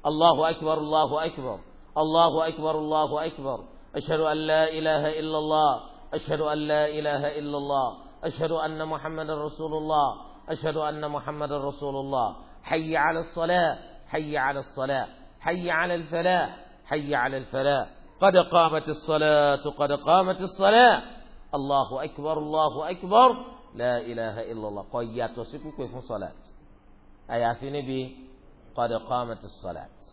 allahu akibar allahu akibar allahu akibar allahu akibar ashhadu ala ilaha illallah ashhadu ala ilaha illallah ashhadu anna muhammadan rasulullah ashhadu anna muhammadan rasulullah hayya ala salah hayya ala salah hayya ala falah hayya ala falah قد قامت الصلاة قد قامت الصلاة الله akibar الله akibar. la ilaha illallah kò yàtọ̀ sí pípé fún sọ̀láàtì àyàfi níbi qad qamatis sọ̀láàtì.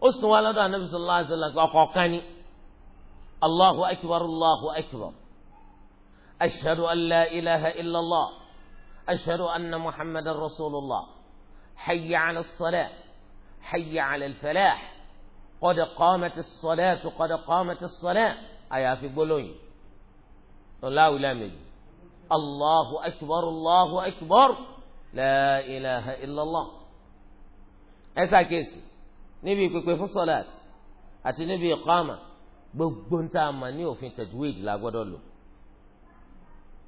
ó sùn wá lọ́dọ̀ anabi sallallahu alayhi wa sallam ọkọ̀ kan ní allahu akbar allahu akbar ashhadu an la ilaha illallah ashhadu anna muhammadan rasulullah hayya ala salat hayya ala falah qad qamatis salatu qad qamatis salat àyàfi gbólóyìn. ọláwìlà méjì الله أكبر الله أكبر لا إله إلا الله ẹ ṣàkíyèsí níbi ìpèpè fún sọláàt àti níbi ìkọ́mà gbogbo ń tá a mà ní òfin tajwid la gbọ́dọ̀ lò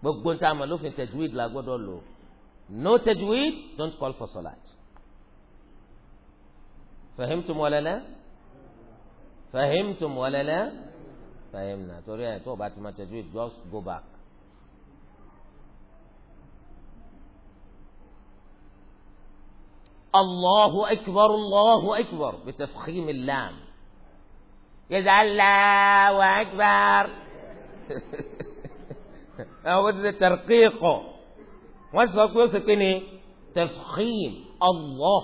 gbogbo ń tá a mà lófin tajwid la gbọ́dọ̀ lò no tajwid don't call for salat fahimtum wala la fahimtum wala la fahimna torí ẹ̀ tó o bá ti ma tajwid just go back الله أكبر الله أكبر بتفخيم اللام يجعل الله أكبر هو ده ترقيقه wọ́n تفخيم الله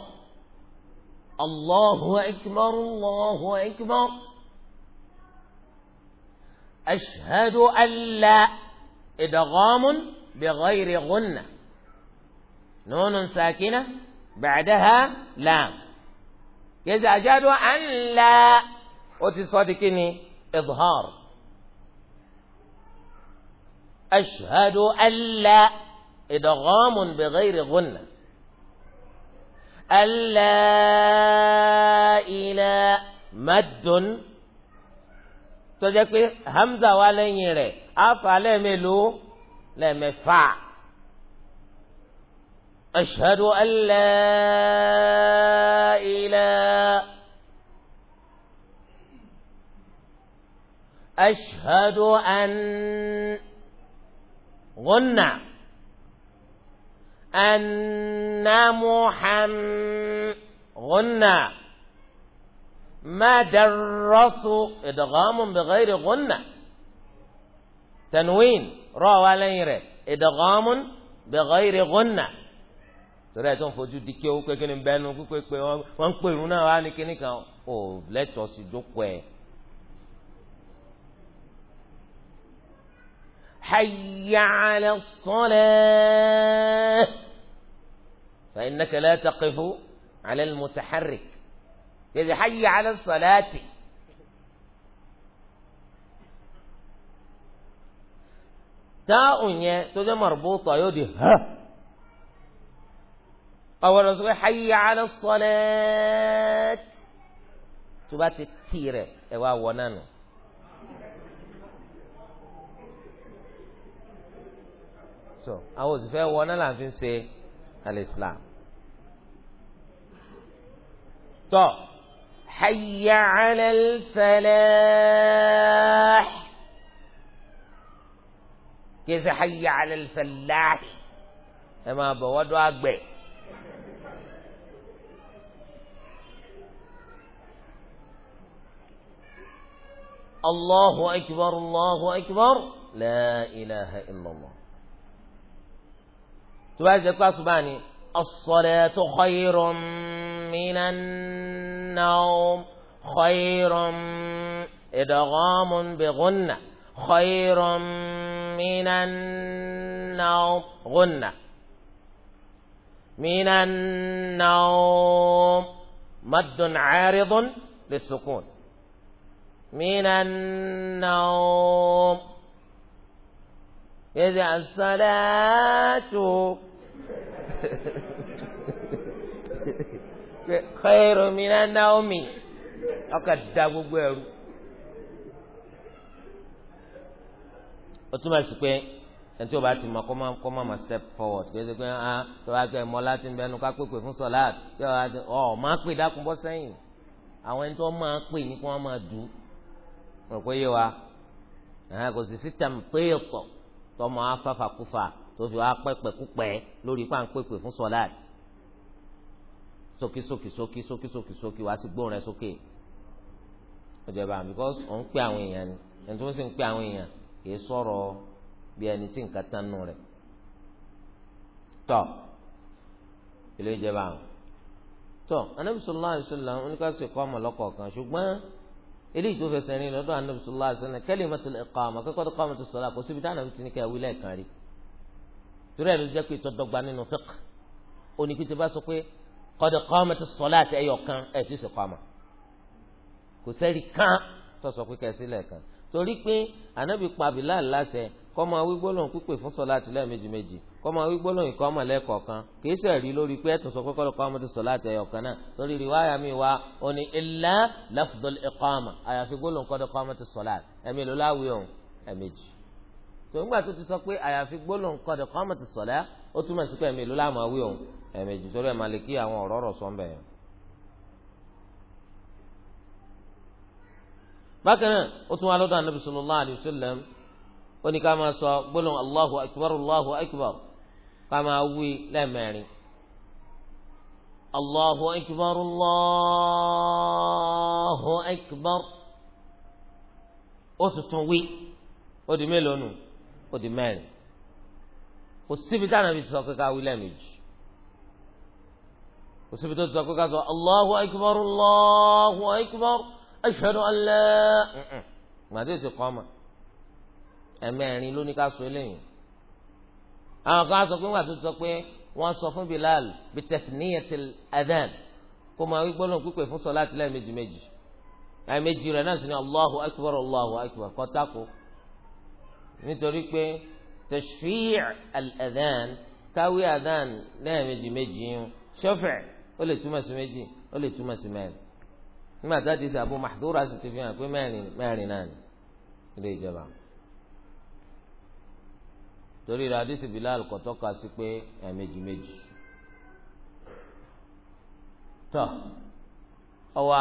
الله أكبر الله أكبر أشهد أن لا إدغام بغير غنة نون ساكنة ba'daha lam kìí ashadu an la ó ti sọ di kíni idhar ashadu an la idghamun bighayri ghunna an la ila maddun tó jẹ́ pé hamza wà lẹ́yìn rẹ̀ àfà lẹ́ẹ̀mẹ́lò lẹ́ẹ̀mẹ́fà. أشهد أن لا إله أشهد أن غنى أن محمد غنى ما درسوا إدغام بغير غنى تنوين را ولا إدغام بغير غنى torí ẹ̀ tó ń fojú di kí owó pé kí ni bẹ́ẹ̀ nu pípé pé wọ́n ń pèrú náà wá ní kíní kan ò lẹ́tọ̀ọ́ sí jókòó ẹ̀. hayya ala salah fa innaka la taqifu ala al-mutaharrik yẹ́dì hayya ala salati. táà ò yẹn tó jẹ́ marbuta yóò di ha ọwọ́ lọ حي على hayya ala salat tó bá so àwọn òsìfẹ́ wọ náà là ń fi ṣe al-Islam. tọ́ hayya ala al-falah kí ẹ sẹ́ hayya ala al-falah máa bọ̀ wọ́dọ̀ àgbẹ̀. الله أكبر الله أكبر لا إله إلا الله تبعز يقول سبحانه الصلاة خير من النوم خير إدغام بغنة خير من النوم غنة من النوم مد عارض للسكون من النوم يجعل الصلاة خير من النوم ọkà da gbogbo ẹrú ó túmọ̀ sí pé ẹni tí o bá ti mọ kó má kó má ma step forward kí ẹ ṣe pé ah tó bá gbẹ mọ láti ń bẹnu ká pèpè fún sọláàt kí ọ ọ máa pè dákun bọ́ sẹ́yìn àwọn ẹni tó máa pè ní kí wọ́n máa dùn mo rò pé yé wa kò sì sí tẹ̀m̀péèpọ̀ tọmọ afáfàkúfà tó fi wá pẹ́pẹ́kúpẹ́ lórí pàǹpẹ́pẹ́ fún sọ́láàtì sókè sókè sókè sókè sókè wá sí gbóhùn rẹ sókè ìjọba because òun pè àwọn èèyàn ni ẹni tó ń sì ń pè àwọn èèyàn kì í sọ̀rọ̀ bí ẹni tí nǹkan tán nù rẹ̀ tọ́ ilé ìjọba àwọn tọ́ anábìsọ̀lá àìsọ̀lá oníkàsí kọ́ ọmọ lọ́kọ̀ọ̀kan ṣùgbọ́n eléyìí tó fẹsẹ̀ rìn lọ́dọ̀ anabi sallallahu alaihi wasallam kalimatul iqama kọ́kọ́ tó qamatus salat kò síbi táwọn ti ní ká wí lẹ́ẹ̀kan rí torí ẹ̀ ló jẹ́ pé tọ́dọ̀gba nínú fiqh oníkìtì bá sọ pé qad qamatus salat ẹ̀yọ̀ kan ẹ̀ sì sì qama kò sẹ́rí kan tó sọ pé kẹ́sí lẹ́ẹ̀kan torí pé ànábì pa Bilal láṣẹ kó máa wí gbólóhùn pípè fún sọláàtì lẹ́ẹ̀mejì méjì kó máa wí gbólóhùn ìkọ́mọ̀ lẹ́ẹ̀kọ̀ọ̀kan kìí sẹ̀rí lórí pé ẹ̀tún sọ kọ́kọ́ lọ́kọ́ ọmọdé sọláàtì ẹ̀yọ̀kan náà torí riwaya mi wá ó ní illa lafdul iqama àyàfi gbólóhùn kọ́dọ̀ kọ́ ọmọdé sọláàtì ẹ̀mí ló láwí òun ẹ̀mejì tòǹgbà tó ti sọ pé àyàfi gbólóhùn kọ́dọ̀ kọ́ ọmọdé sọláàtì ó túmọ̀ bákan náà ó tún wá lọ́dọ̀ anabi sallallahu alayhi wa sallam ó ní ká máa sọ gbólóhùn allahu akbar allahu akbar ká máa wí lẹ́ẹ̀mẹ́rin allahu akbar allahu akbar ó tuntun wí ó di mélòó nù ó di mẹ́rin kò síbi tí anabi sọ pé ká wí lẹ́ẹ̀mejì kò síbi tó sọ pé ká sọ allahu akbar allahu akbar ashhadu an la gbàdé sì kọ́ ọmọ ẹ̀mẹ́rin ló ní ká sọ eléyìí àwọn kan sọ pé wọn àti sọ pé wọn sọ fún Bilal bi tathniyatil adhan kó máa wí gbọ́dọ̀ pípé fún sọlá àtìlẹ́ méjì méjì ẹ̀ẹ̀mejì rẹ̀ náà sì ni Allahu akbar Allahu akbar kọ́tàkù nítorí pé tashfi' al-adhan káwé adhan lẹ́ẹ̀mejì méjì yín ṣọ́fẹ̀ ó lè túmọ̀ sí méjì ó lè túmọ̀ sí mẹ́rin nígbà tá a ti sàbò Mahdura sì ti fi hàn pé mẹ́rin mẹ́rin náà ni ilé ìjọba torí rẹ̀ hadisi Bilal kò tọ́ka sí pé ẹ̀ẹ̀mejì méjì tọ́ ọwa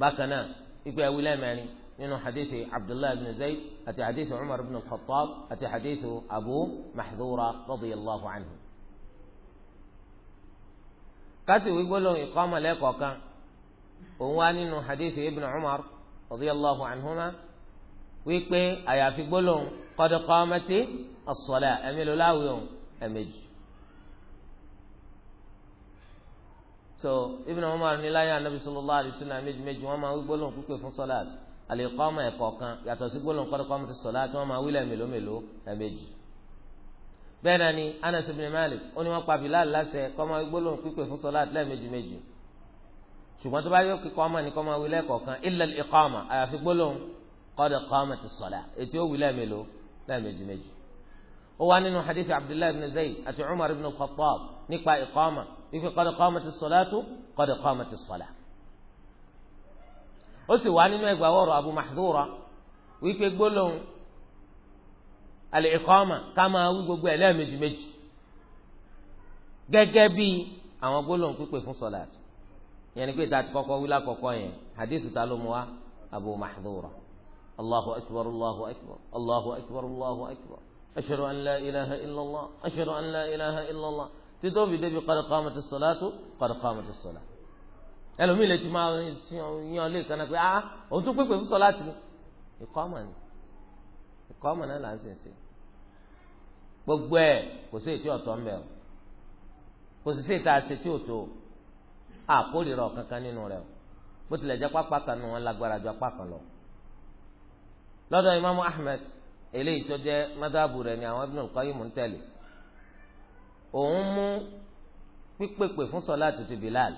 bákan náà ikú ẹ̀wí lẹ́mẹ̀rin nínú hadisi Abdullahi bin Zayd àti hadisi Umar bin Khattab àti hadisi Abu Mahdura radiyallahu anhu kásìwé gbólóhùn ìkọ́mọ̀lẹ́kọ̀ọ́ kan òun wá nínú hadithi ibn umar radiyallahu anhuma wípé àyàfi gbólóhùn qad qamati as-salah ẹ̀mí ló láwùí òun so ibn umar ní láyé anabi sallallahu alayhi wa sallam méjì méjì wọn máa wí gbólóhùn pípé fún salat al-iqama ẹ̀kọ̀ọ̀kan yàtọ̀ sí gbólóhùn qad qamati as-salah tí wọ́n máa wí lẹ́ẹ̀mélòó mélòó ẹ̀mejì bẹ́ẹ̀ náà ni anas ibn malik ó ní wọ́n pa bilal láṣẹ kó máa gbólóhùn pípé fún salat lẹ́ẹ̀mejì méjì ṣùgbọ́n tó bá yọ kíkọ́ ọmọ ní kọ́ máa wí lẹ́ẹ̀kọ̀ọ̀kan illa al-iqama àyàfi gbólóhùn qad qamati s-salah ètí ó wí lẹ́ẹ̀mélòó lẹ́ẹ̀mejì méjì. ó wá nínú hadith abdullahi ibn zayd àti umar ibn khattab nípa iqama wípé qad qamati s-salatu qad qamati s-salah. ó sì wá nínú ẹgbàá wọ̀rọ̀ abu mahdura wípé gbólóhùn al-iqama ká máa wí gbogbo ẹ̀ lẹ́ẹ̀mejì méjì gẹ́gẹ́ bí àwọn gbólóhùn pípé fún sọ̀láàtì yẹn ni pé ta ti kọ́kọ́ wílá kọ́kọ́ yẹn hadithu ta ló mu wa abu mahdura allahu akbar allahu akbar allahu akbar allahu akbar ashhadu an la ilaha illallah ashhadu an la ilaha illallah títọ́ fi débi qad qamati salatu qad qamati salat ẹlòmíì lè ti máa yan lé kan náà pé ah òun tún pépè fún salati ni ìkọ́mà ni ìkọ́mà náà là ń sìn sí gbogbo ẹ̀ e, kò sí ètí ọ̀tọ̀ ń bẹ̀ kò sí sí ètà àṣetí òtò o àkórìíra ọ̀kankan nínú rẹ̀ o bó tilẹ̀ jẹ́ pápá kan nù wọn lágbára ju apá kan lọ. lọ́dọ̀ imaamu ahmed eléyìí tó jẹ́ madhabu rẹ̀ ni àwọn ibn al-qayyim ń tẹ̀lé òun mú pípèpè fún sọláàtù ti bilal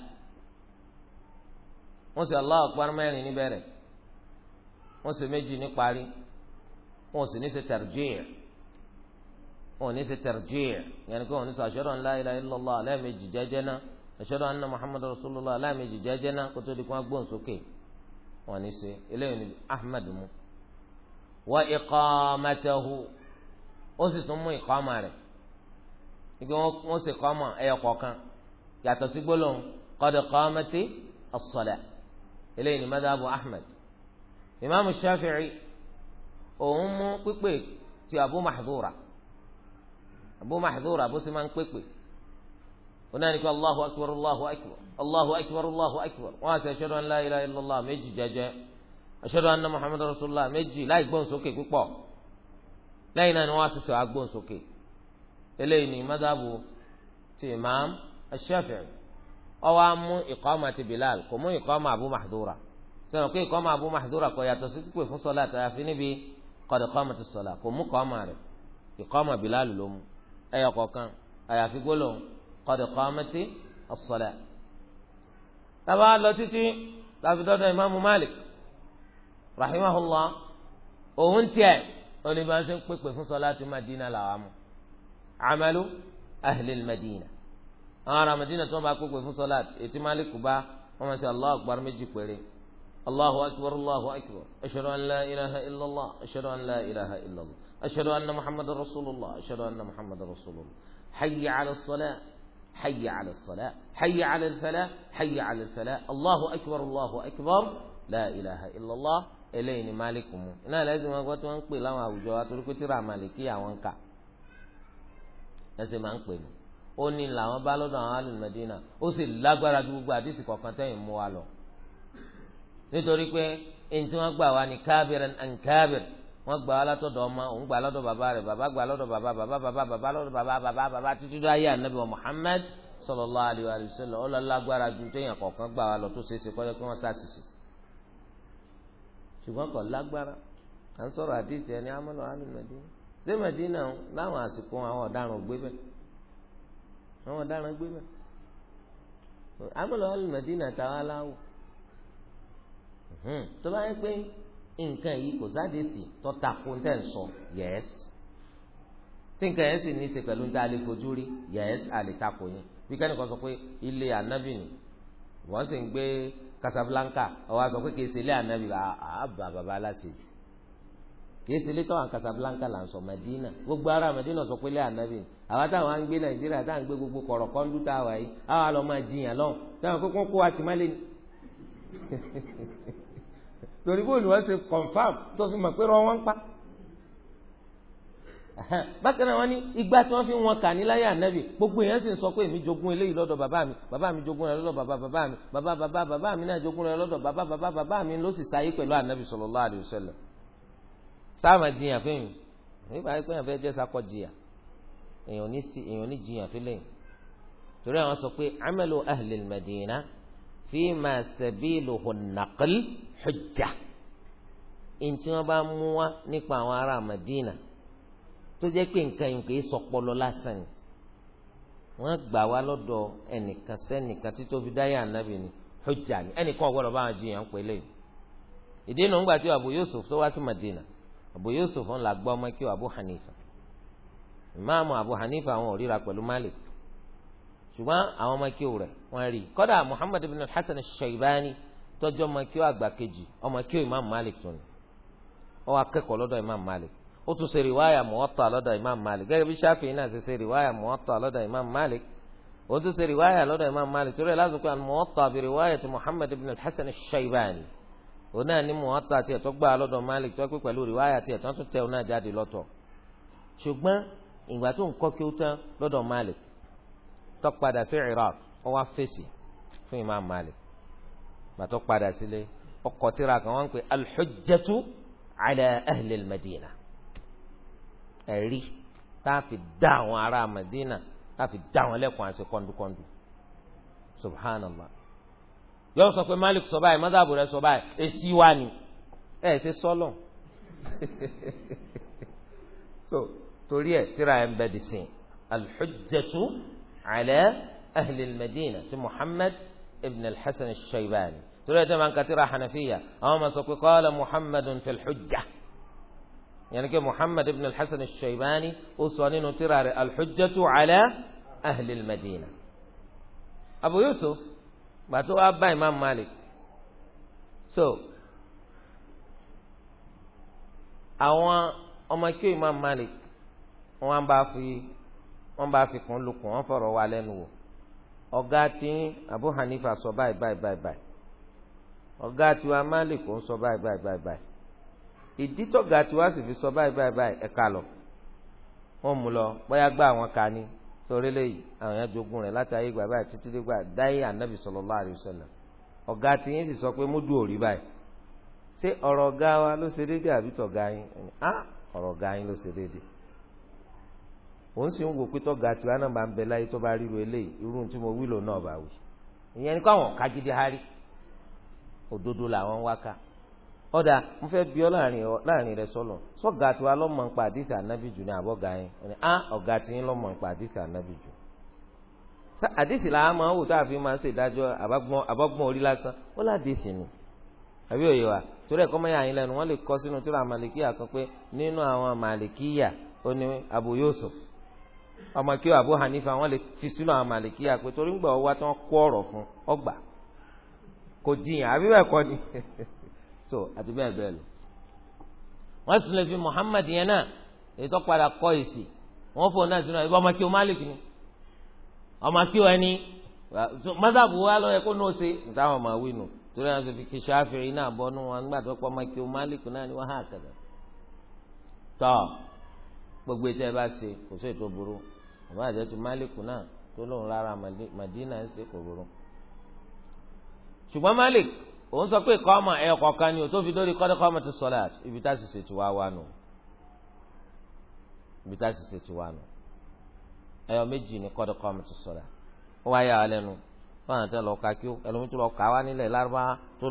wọ́n sì Allahu akbar mẹ́rin níbẹ̀rẹ̀ wọ́n sì méjì ní parí wọ́n sì ní ṣe tarjih wọ́n ní ṣe tarjih yẹn ni pé wọ́n ní sọ ashhadu an la ilaha illallah lẹ́ẹ̀mejì jẹ́jẹ́ náà ashhadu anna muhammadu rasulullah aláàmejì jẹ́jẹ́ náà kó tó di kó wọ́n gbóhùn sókè wọ́n ní ṣe eléyìí ni ahmed mú wa iqamatahu ó sì tún mú iqama rẹ̀ ike wọ́n sì iqama ẹyọ kọ̀ọ̀kan yàtọ̀ sí gbólóhùn qad qamati as-salah eléyìí ni madhabu ahmed imaamu shafi'i òun mú pípé ti abu mahdura abu mahdura bó sì máa ń pípé onáníkà allahu akbar allahu akbar allahu akbar allahu akbar wọn àti ashhadu an la ilaha illallah méjì jẹjẹ ashhadu anna muhammadu rasulullah méjì láì gbóhùnsókè púpọ̀ lẹ́yìn náà ni wọ́n á sísè agbóhùnsókè eléyìí ni madhabu ti imam ash-shafi'i ọwọ́ á mú ìkọ́mà ti bilal kò mú ìkọ́mà abu mahdura sọ̀rọ̀ pé ìkọ́mà abu mahdura kò yàtọ̀ sí pípé fún sọ́lá àtàyàfi níbi qad qamatis salat kò mú kọ́mà rẹ̀ ìkọ́mà bilal ló mú kọ̀ọ̀kan àyàfi gbólóhùn qad qamati as-salat tàbá lọ títí tàbí dọ́dọ̀ ìmáàmù Malik rahimahullah òun tiẹ̀ oníbàṣẹ ń pèpè fún sọláàtì Madina làwọn mu amalu ahlil Madina àwọn ará Madina tí wọ́n bá pèpè fún sọláàtì ètí Malik bá wọ́n máa ṣe Allahu akbar méjì péré Allahu akbar Allahu akbar ashhadu an la ilaha illallah ashhadu an الله. أشهد أن محمد رسول الله. rasulullah ashhadu anna Muhammadar rasulullah hayya ala salat. حي على الصلاة حي على الفلاح حي على الفلاح الله أكبر الله أكبر لا إله إلا الله eléyìí ni malik mu iná lẹ́sìn wọn gbọ́ tí wọ́n ń pè láwọn àwùjọ atoríkó tíra màlìkí àwọn kà ẹsẹ̀ máa ń pè mí ó ní làwọn bá lọ́dọ̀ àwọn alùmọ̀dínà ó sì lágbára ju gbogbo àdìsí kọ̀ọ̀kan tẹ́yìn mú wa lọ. nítorí pé ẹni tí wọ́n gbà wá ní kábìrin and kábìrin wọ́n gbà á látọ̀dọ̀ ọmọ òun gbà á lọ́dọ̀ bàbá rẹ̀ bàbá gbà á lọ́dọ̀ bàbá bàbá bàbá bàbá lọ́dọ̀ bàbá bàbá bàbá títí dá ayé anabi wa Muhammad sallallahu alayhi wa sallam ó lọ lágbára ju téèyàn kọ̀ọ̀kan gbà wá lọ tó ṣeé ṣe kọ́jọ́ pé wọ́n ṣàṣìṣe ṣùgbọ́n kò lágbára à ń sọ̀rọ̀ àdìsí ẹni amọ́nà àmì mẹ́dínà ṣé mẹ́dínà láwọn àsìkò àwọn ọ̀daràn gbé bẹ́ẹ̀ àwọn ọ̀daràn gbé bẹ́ẹ̀ amọ́nà àmì mẹ́dínà táwa láwọ̀ tó bá yẹ pé nǹkan yìí kò sádìsì tó takò tẹ̀ ń sọ yẹ́s tí nǹkan yẹn sì ní í ṣe pẹ̀lú níta lè rí yẹ́s àlè yẹn bí kẹ́nìkan sọ pé ilé ànábì ni wọ́n sì ń gbé Casablanca ọ̀wá sọ pé kì í ṣe ilé ànábì àbá ah, ah, bàbá aláṣejù kì í ṣe ilé tọ́wọ́n Casablanca là ń sọ Medina gbogbo ara Medina sọ pé ilé ànábì ni àwa táwọn á ń gbé Nàìjíríà táwọn á ń gbé gbogbo kọ̀rọ̀ kọ́ńdú táwa àwa lọ́ọ́ máa jiyàn lọ́hùn táwọn kókó kó wa ti má lé ni torí bóòlù wọn ṣe confam tó fi mọ̀ pé rọ wọn ń pa bákan náà wọn ní ìgbà tí wọn fi wọn kà ní láyé ànábì gbogbo èèyàn sì ń sọ pé èmi jogún eléyìí lọ́dọ̀ bàbá mi bàbá mi jogún rẹ̀ lọ́dọ̀ bàbá bàbá mi bàbá bàbá bàbá mi náà jogún rẹ̀ lọ́dọ̀ bàbá bàbá bàbá mi ló sì sáyé pẹ̀lú ànábì sallallahu alaihi wasallam sáàmà jiyàn fún mi nígbà pé èèyàn fẹ́ jẹ́ sakọ jiyàn èèyàn ní jiyàn fún lẹ́yìn torí àwọn sọ pé amalu ahlil madina fíìmà sẹ̀bíìlù hùnàkìl hujja ntí wọn bá mú wa nípa àwọn ará Madina tó jẹ́ pé nǹkan yìí kì í sọpọlọ lásán ni wọ́n gbà wá lọ́dọ̀ ẹnìkan sẹ́nìkan títí tó fi dáyà ànábì ni hujja ni ẹnìkan ọ̀gbọ́dọ̀ bá wọn jiyàn pé lẹ́yìn ìdí nu ńgbà tí Abu Yusuf tó wá sí Madina Abu Yusuf ńlá gbọ́ ọmọ kí Abu Hanifa ìmáàmù Abu Hanifa àwọn ò ríra pẹ̀lú Malik ṣùgbọ́n àwọn ọmọ kí o rẹ̀ wọ́n rí i kọ́dà Muhammad ibn Hasan Shaybani tọ́jú ọmọ kí o àgbà kejì ọmọ kí o Imam Malik tún ni ó wá kẹ́kọ̀ọ́ lọ́dọ̀ Imam Malik ó tún ṣe rìwáyà Muwatta lọ́dọ̀ Imam Malik gẹ́gẹ́ bí Shafi'i náà ṣe ṣe rìwáyà Muwatta lọ́dọ̀ Imam Malik ó tún ṣe rìwáyà lọ́dọ̀ Imam Malik torí ẹ̀ láti kó Muwatta bi riwayati Muhammad ibn Hasan Shaybani òun náà ní Muwatta tiẹ̀ tó gbà lọ́dọ̀ Malik tó pé pẹ̀lú rìwáyà tiẹ̀ tó tún tẹ̀ òun náà jáde lọ́tọ̀ ṣùgbọ́n ìgbà tó ń kọ́ kí ó tán lọ́dọ̀ Malik tó padà sí Iraq ó wá fèsì fún Imam Malik bàtọ́ padà sílé ọkọ̀ tíra kan wọ́n ń pè alḥujjatu ala ahli madina ẹ̀rí tá a fi dá àwọn ará madina tá a fi dá àwọn lẹ́kùn àti kọ́ńdúkọ́ńdú subhanallah yọ sọ pé malik sọ báyìí mọ́tàbù rẹ sọ báyìí èsì wa ni ẹ ṣe sọ́lọ̀ so torí ẹ tíra ẹ ń bẹ dì sí alḥujjatu على أهل المدينة محمد ابن الحسن الشيباني تقول يا من كثيرة حنفية أو ما قال محمد في الحجة يعني كي محمد ابن الحسن الشيباني أصوانين ترى الحجة على أهل المدينة أبو يوسف باتو أبا إمام مالك so أوان أما كي إمام مالك وأن بافي wọ́n bá fi kún lukùn wọ́n fọ̀rọ̀ wá lẹ́nu wò ọ̀gá tí Abu Hanifa sọ báyìí báyìí báyìí báyìí ọ̀gá tiwa Malik ń sọ báyìí báyìí báyìí báyìí ìdí tọ̀gá tiwa sì fi sọ báyìí báyìí báyìí ẹ̀ka lọ wọ́n mú lọ bóyá gbá àwọn kan ní sórí léyìí àwọn yẹn jogún rẹ̀ láti ayé gbà báyìí títí dégbà dáyé ànábì sallallahu alaihi wasallam ọ̀gá tí yín sì sọ pé múdù òrí báyìí ṣé ọ̀rọ̀ ọ̀gá wa ló ṣe déédéé àbí tọ̀gá yín ah ọ̀rọ̀ ọ̀gá yín ló ṣe déédéé òun sì ń wò pé tọ́ga tiwa náà bá ń bẹ láyé tó bá ríru eléyìí irú tí mo wí lò náà bá wí ìyẹn ni kó àwọn ọ̀ka gidi hárí òdodo làwọn wá ká ọ̀dà mo fẹ́ bí ọ láàrin rẹ sọ̀lọ̀ sọ́ga tiwa lọ́mọ nípa àdìsí ànábì jù ní àbọ̀gá yẹn ọ̀nà á ọ̀gá tí yín lọ́mọ nípa àdìsí ànábì jù àdìsí làá máa ń wò tá a máa ń ṣèdájọ́ àbọ̀gbọ́n orí lásán ó ládìsí ni àbí òye wa torí ẹ̀kọ́ mẹ́yà yín lẹ́nu wọ́n lè kọ́ sínú tíra màlìkíyà kan pé nínú àwọn màlìkíyà ó ní Abu Yusuf ọmọ kí Abu Hanifa wọn lè ti sínú àwọn màlìkí àpè torí ń gbà wá tí wọn kó ọ̀rọ̀ fún ọgbà kò jiyàn àbí bẹ́ẹ̀ kọ́ ni so àti bẹ́ẹ̀ bẹ́ẹ̀ lọ. wọ́n sì lè fi Muhammad yẹn náà ètò padà kọ́ èsì wọ́n fò náà sínú ọmọ kí o Malik ni ọmọ kí o ẹni mọ́tàbù wa lọ́yẹ kó náà ṣe nítawọn ọmọ àwìn nù torí àwọn sọ fi kí Ṣáfi'í náà bọ́ nù wọn nígbà tó pọ̀ ọmọ kí o Malik náà ni wọ́n hà kàdà gbogbo ètò bá ṣe kò sí ètò burú àmọ́ àjẹ́ ti Málíkù náà tó lóun lára Madina ń ṣe kòròrò ṣùgbọ́n Malik òun sọ pé kọ́ ọmọ kọ̀ọ̀kan ni o tó fi dórí kọ́dọ̀kọ́ ọmọ ti sọ̀lá ibi tá a sì ṣe ti wá wa nù ibi tá a sì ṣe ti nù ẹ̀yọ méjì ni kọ́dọ̀kọ́ ọmọ ti sọ̀lá ó wá yà á lẹ́nu wọn àti ẹ̀ lọ ka kí ó ẹlòmí tó lọ kà wá nílẹ̀ lárúbá tó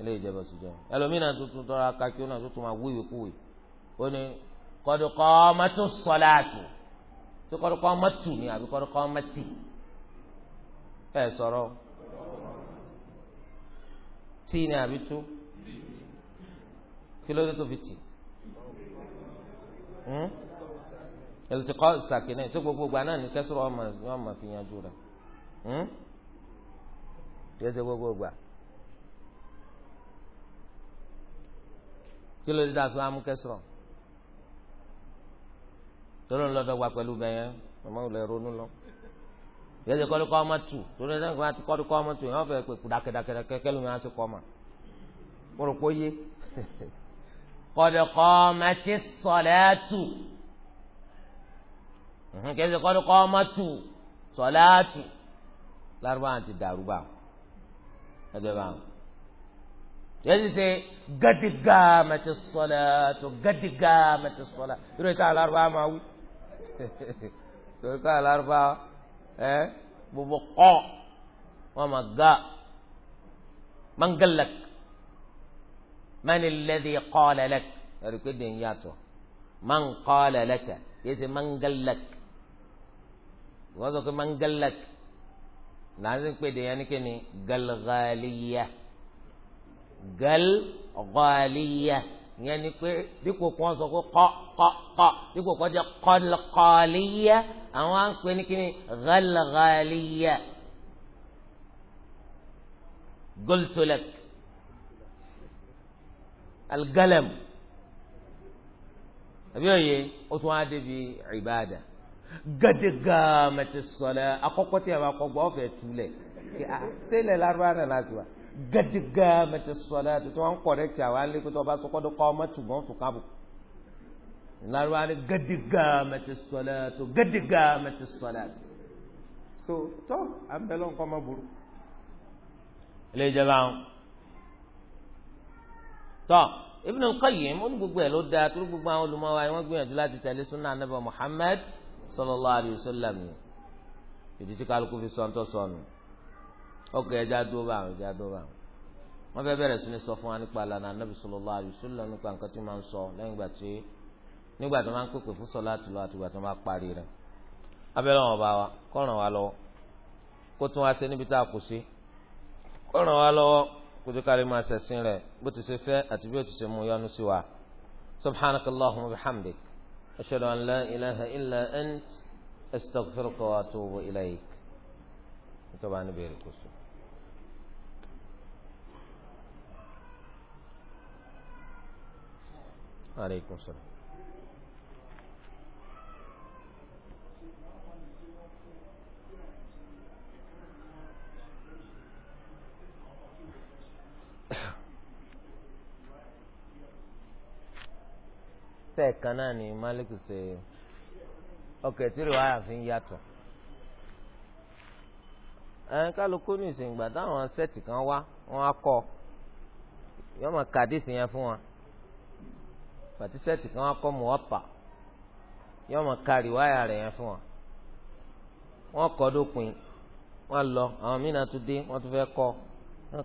ilé ìjọba sùjọ ẹlòmínà tuntun tọrọ akákíó náà tuntun máa wíwì kúwì ó ní kọdùkọ mẹtò sọláàtì tí kọdùkọ mẹtù ni àbí kọdùkọ mẹtì ẹ sọrọ tí ni àbí tú kí tó fi tì ẹlòtìkọ sàkínẹ tí gbogbo gbà náà ní kẹsìrò ọmọ fi yanjú rẹ hmm? gbogbo kí ló dé dáa fi wá mú kẹsìrọ tọ́lọ́ ń lọ́dọ̀ wá pẹ̀lú bẹ́yẹn màmá ò lè ronú lọ yẹ́sẹ̀ kọ́lé kọ́ ọmọ tù torí ẹ̀sẹ̀ kọ́ ti kọ́lé kọ́ ọmọ tù yẹn fẹ́ pé kùdàkẹ́dàkẹ́dàkẹ́ kẹ́lú mi á sì kọ́ ọmọ mo rò pé ó yé kọ́lé kọ́ ọmọ ti sọ̀lẹ́ tù kẹ́sẹ̀ kọ́lé kọ́ ọmọ tù sọ̀lẹ́ tù lárúbáwá ti dàrú ẹgbẹ́ báwò. yẹn ṣe gadi gaamati sọlá tó gadi gaamati sọlá irú ìta alárúbá máa wí torí ká alárúbá ẹ gbogbo kọ wọn máa ga mangalak mani lẹ́dí kọ́lẹ́lẹ́k ẹ̀rí pé dèé yàtọ̀ man kọ́lẹ́lẹ́kẹ̀ yẹn ṣe mangalak wọ́n sọ pé mangalak làásìpé dèé yẹn ni kí ni galgaliya. gal ghaliya ìyẹn ni pé dípò kó wọn sọ pé kọ kọ kọ dípò kó jẹ kọlkọliya àwọn à ń pè ní kíni gal ghaliya gultulak algalam àbí òye ó tún á débi ìbáàdà gàdégàmẹtì sọlẹ akọkọ tí a bá kọ gbọ ọfẹ túlẹ ṣé ilẹ̀ lárúbáwá náà lásìwà gẹ́dígá mẹtẹsọ̀lá tó wọ́n kọ̀rẹ́kì àwọn alẹ́ pẹ̀tọ́ ọba sọ́kọ́dọ̀ kọ́ ọmọ tùgbọ́n tù kábù ìlànà ni gẹ́dígá mẹtẹsọ̀lá tó gẹ́dígá mẹtẹsọ̀lá tó so tó abẹ́lẹ́ nǹkan ọmọ burú. ilé ìjọba àwọn tó Ibn al-Qayyim ó ní gbogbo ẹ̀ ló dáa tó gbogbo àwọn olùmọ̀wá yẹn wọ́n gbìyànjú láti tẹ̀lé sunna anabi Muhammad sallallahu alayhi wa sallam ìdí tí kálukú fi sọ́ńtọ́ sọ́nù ọkọ ẹja dúró bá àwọn ẹja dúró bá àwọn wọn fẹẹ bẹ̀rẹ̀ sí ní sọ fún wa nípa alànà anabi sallallahu alaihi wasallam nípa nǹkan tí wọn sọ lẹ́yìn ìgbà tí nígbà tí wọn pèpè fún sọláàtì lọ àti ìgbà tí wọn parí rẹ̀ abẹ́rẹ́ wọn bá wa kọ́ràn wa lọ́wọ́ kó tún wá sí níbi tá a kù sí kọ́ràn wa lọ́wọ́ kó tún kárí máa ṣẹ̀sìn rẹ̀ bó ti ṣe fẹ́ àti bí ó ti ṣe mú yọ́nú sí wa subhanakallahumma wa bihamdik wa atubu عليكم السلام náà ni malik ṣe ọkẹ̀ tí fi ń yàtọ̀ kálukú ní táwọn sẹ́ẹ̀tì kan wá á kọ́ kàdísì yẹn fún pàtísẹ́ẹ̀tì kan wá kọ́ mọ́ ọ́pà yóò máa ka rìwáyà rẹ̀ yẹn fún wa wọ́n kọ́ dópin wọ́n lọ àwọn mìíràn tún dé wọ́n tún fẹ́ kọ́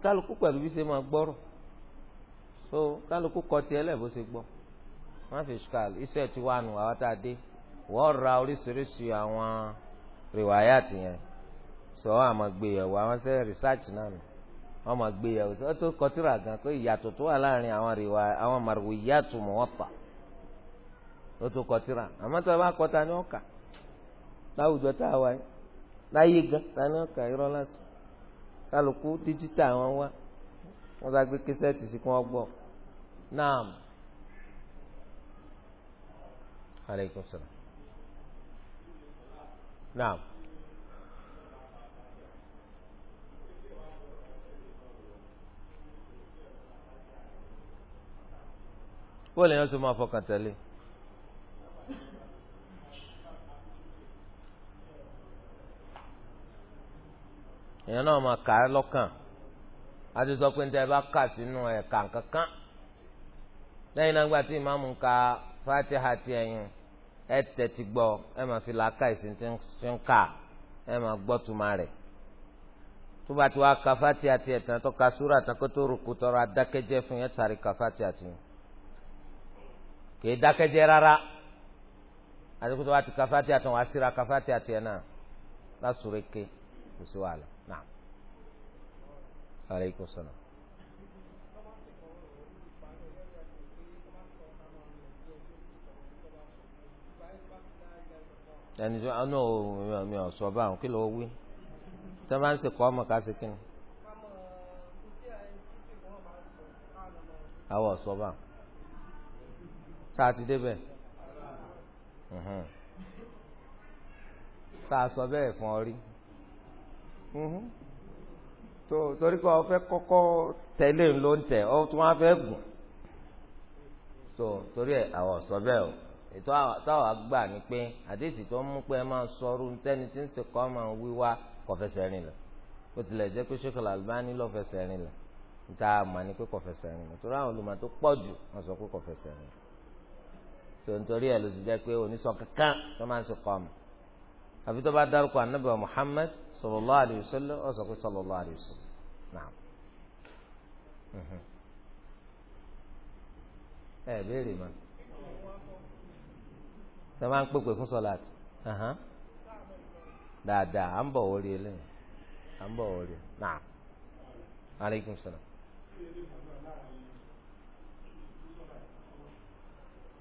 kálukú pẹ̀lú bí ṣe máa gbọ́rọ̀ so kálukú kọ́ tiẹ̀ lẹ̀ bó ṣe gbọ́ wọ́n fi ṣùkàl iṣẹ́ ti wà nù àwọn tá a dé wọ́n ra oríṣiríṣi àwọn rìwáyà tìyẹn sọ àmọ́ gbé yẹ̀wò àwọn sẹ́ research náà nù. wọn máa gbé ya sí otu kọtìrà gan pé ìyàtọ̀ tó wà láàrin àwọn àríwá àwọn màrúwì yàtọ̀ Muwatta ọtún kọtìrà àmọ́ tó bá kọta ní ọkà láwùjọ tá a wà yìí láyé gan ta ní ọkà irọ́ lásán kálukú díjítà wọn wá wọn bá gbé kẹsẹ́ẹ̀tì sí náà. aleykum salaam naam. bóòlù yẹn sọ máa fọkàn tẹ̀lé. èèyàn náà máa kà á lọ́kàn a ti sọ pé ẹ bá kà sínú ẹ̀ka kankan lẹ́yìn náà tí ìmáàmù ka fatiha ti ẹ̀yìn ẹ tẹ̀tí gbọ́ ẹ máa fi làákà ìsìn ń kà ẹ máa gbọ́ tó bá ti wá ka fatiha ti ẹ̀ tán tó ka súrà tán kó tó rúkú fún yẹn tàrí ka fatiha ti yẹn. kò é dákẹ́jẹ́ rárá àdìgbò tó bá ti kafati àtàn wá síra kafati àti ẹ̀ náà lásùrè ké kò sí wàhálà náà aleykum salaam. ẹni tó ọ̀nà òun mi ò sọ bá àwọn kí ló wí tí wọ́n bá ń sèkọ́ ọmọ ká sí kíni. àwọn ọ̀sọ́ bá sáà ti débẹ̀ tá a sọ bẹ́ẹ̀ fún ọ rí tó torí pé ọ fẹ́ kọ́kọ́ tẹ̀lé ló ń tẹ̀ ọ tún wá fẹ́ gùn tó torí ẹ̀ àwọn sọ bẹ́ẹ̀ o ètò táwa gbà ní pé àdéhìí tó ń mú pé ẹ máa sọ̀rọ̀ ntẹ́ni tí ń sèkọ́ máa wíwá kò rìn lọ bó tilẹ̀ jẹ́ pé Sheikhul Albani ló rìn lọ níta àmà ni pé kò fẹsẹ̀ rìn lọ torí àwọn olùmọ̀ tó pọ̀ jù wọ́n sọ pé kò rìn lọ tontori ẹ ló ti jẹ pé onísọ kankan tó máa ń ṣe kọ ọmọ àfi tó bá dárúkọ anábẹ Muhammad sallallahu alaihi wasallam ó sọ pé sallallahu alaihi wasallam naam mhm. ẹ béèrè ma tó máa ń pèpè fún sọlá dáadáa à ń bọ̀ wọlé eléyìí à ń bọ̀ wọlé naam aleykum salaam.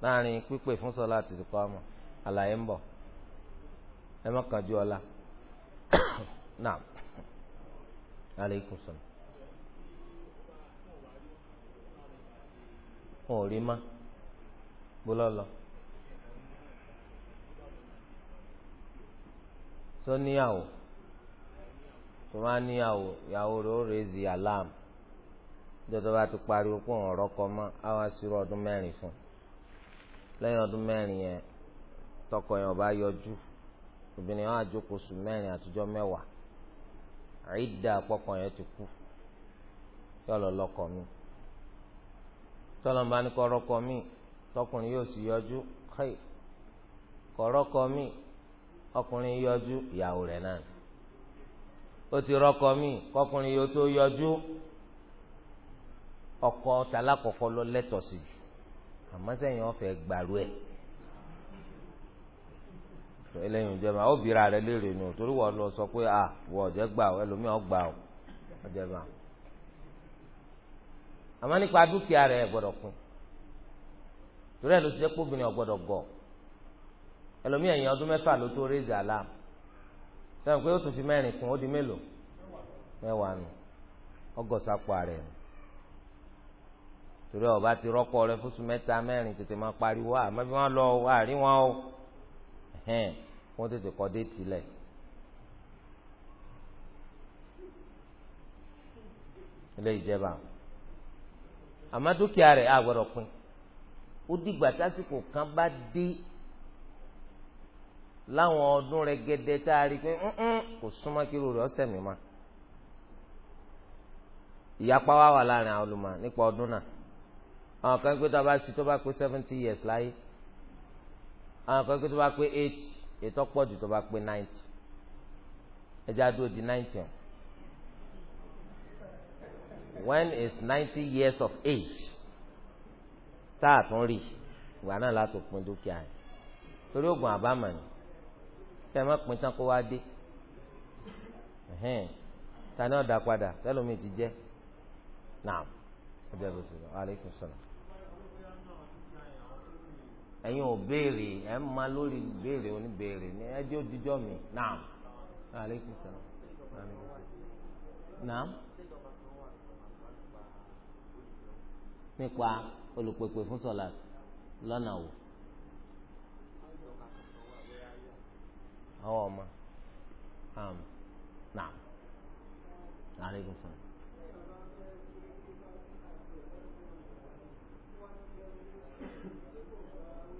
láàrin pípè fún sọlá àti ìdíkọ́ àmọ́ àlàyé ń bọ̀ ẹ má kánjú ọlá naam aleykum sọlá. wọn ò rí má lọ. níyàwó tó alam ti pariwo pé òun ọ̀rọ̀ kọ mọ́ àwọn aṣírò ọdún mẹ́rin fún lẹ́yìn ọdún mẹ́rin yẹn tọkọ yẹn ọba yọjú obìnrin yẹn á jókòó sùn mẹ́rin àtijọ́ mẹ́wàá àìdá àpọ̀kọ yẹn ti kú yọlọ lọkọ mi tọlọmọba ní kọrọkọ mi tọkùnrin yóò sì yọjú kẹyì kọrọkọ mi ọkùnrin yọjú ìyàwó rẹ̀ náà ó ti rọkọ mi kọkùnrin yóò tó yọjú ọkọ tàlákọ̀kọ́ lọ lẹ́tọ̀ọ́ sí jù àmọ́ sẹ́yìn ọ̀fẹ́ gbàrú ẹ̀ eléyìí ń jẹba obìnrin àrẹ léèrè ni torí wọ́n lọ sọ pé à wọ́n ọ̀jẹ́ gbà ọ́ ẹlòmíì ọ̀gbà ọ́ ọ̀jẹ̀bà àmọ́ nípa dúkìá rẹ̀ gbọ́dọ̀ kún torí ẹ̀ ló ṣe pé obìnrin ọ̀gbọ́dọ̀ gọ̀ ẹlòmíì ẹ̀yìn ọdún mẹ́fà ló tó rézì àlá sẹ́yìn pé ó tún fi mẹ́rin kún ó di mélòó mẹ́wàá nù ọgọ́sàpọ̀ rẹ̀ torí ọba ti rọ́pò rẹ fún sùmẹ́ta mẹ́rin tètè máa pariwo àmọ́ bí wọ́n lọ àrí wọn o ẹ̀hẹ́n wọ́n tètè kọ́ dé tilẹ̀. ilé ìjẹba àmọ́ dúkìá rẹ̀ á gbọ́dọ̀ pín ó dìgbà tásìkò kan bá dé láwọn ọdún rẹ̀ gẹ́dẹ́ tá a rí i pé kò súnmọ́ kí irú rẹ̀ ọ̀sẹ̀ mi ma ìyapa wa wà láàrin àwọn olùmọ̀ nípa ọdún náà àwọn kan pé tó bá sí tó bá pé seventy years láyé àwọn kan pé tó bá pé eight ètò pọ̀jù tó bá pé ninety ẹjẹ́ àdúró di ninety ọ̀hún when is ninety years of age tá a tún rí ìgbà náà láti pin dúkìá yẹn torí oògùn àbámọ̀ ni kẹ́ ẹ má pin tán kó wá dé ta ni ọ̀dà padà tẹ́lómi ti jẹ́ naam ọjọ́ ìbùsùn aleykum salaam. ẹ̀yin ò béèrè ẹ̀ ń ma lórí béèrè oníbèèrè ní ẹjọ́ jíjọ́ mi naam aleykum nípa olùpèpè fún sọlá lọ́nà wò ọmọ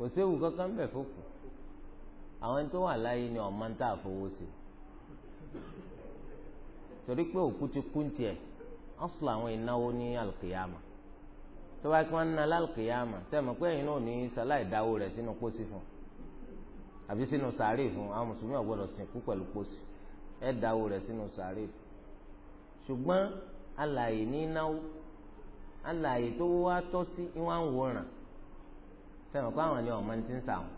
kò séwu kankan bẹ̀ fòkù àwọn tó wà láyé ni ọ̀ma ń tà fowó sí torí pé òkú ti kú tiẹ̀ ọ̀sùn àwọn ìnáwó ní alùkìyàmà tó bá kí wọ́n ń na lálùkìyàmà sẹ́mi pé ẹ̀yin náà ní sáláì dáwó rẹ̀ sínú pósí fún àbí sínú sàárè fún àwọn mùsùlùmí ò gbọ́dọ̀ sìnkú pẹ̀lú pósí ẹ̀ dáwó rẹ̀ sínú sàárè fún ṣùgbọ́n alàyè ní náwó alàyè tó wá tọ́ sí ìwọ̀n àwòrán sẹ́wọ̀n pé àwọn ni ọmọ ti ń sàwọn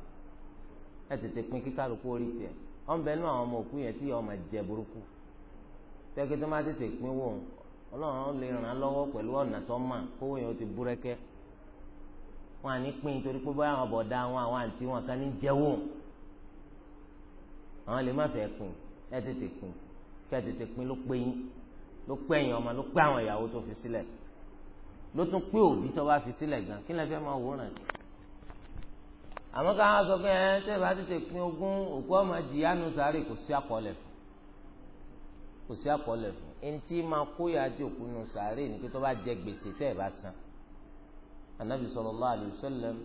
ẹ tètè pín kíkálukú orí tiẹ̀ ọ̀n bẹ nú àwọn ọmọ òkú yẹn tí ọmọ jẹ burúkú tẹ́kí tó má tètè pín wò ọlọ́run lè ràn án lọ́wọ́ pẹ̀lú ọ̀nà tó mà kówó yẹn ó ti búrẹ́kẹ́ wọn à ní pín torí pé báyà wọn bọ̀ dá wọn àwọn àǹtí wọn kan ní jẹ́wò àwọn lè má fẹ́ pín ẹ tètè pín kẹ́ ẹ tètè pín ló pé yín ló pé ẹ̀yìn ọmọ ló pé àwọn ìyàwó tó fi sílẹ̀ ló tún pé òbí tó bá fi sílẹ̀ gan kí lè fẹ́ máa wòran sí àmọ́ ká wọn sọ pé ẹ tẹ́ bá tètè pin ogún òkú ọmọ jìyà nù sáré kò sí àkọọ́lẹ̀ fún kò sí àkọọ́lẹ̀ fún ẹni máa kó yàjò òkú nù sáré ni pé tó bá jẹ gbèsè tẹ́ ẹ bá san anabi sallallahu alaihi wasallam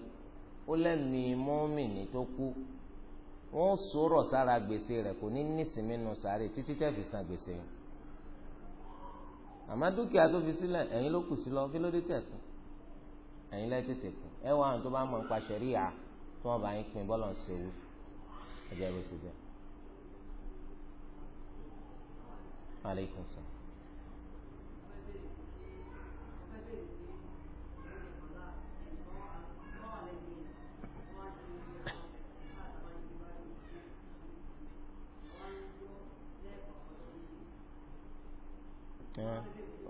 ó lẹ́mí mọ́mìnì tó kú wọ́n sọ̀rọ̀ sára gbèsè rẹ̀ kò ní nísìmí nù sáré títí tẹ́ fi san gbèsè yẹn àmọ́ dúkìá tó fi sílẹ̀ ẹ̀yin ló kù sí lọ kí ló dé tẹ̀ kù ẹ̀yin lẹ́ tètè kù ẹ wá àwọn tó bá mọ̀ nípa tí wọ́n bá yín pin bọ́ọ̀lù ṣe wí ẹ̀jẹ̀ bó ṣe jẹ́. aleykum salaam.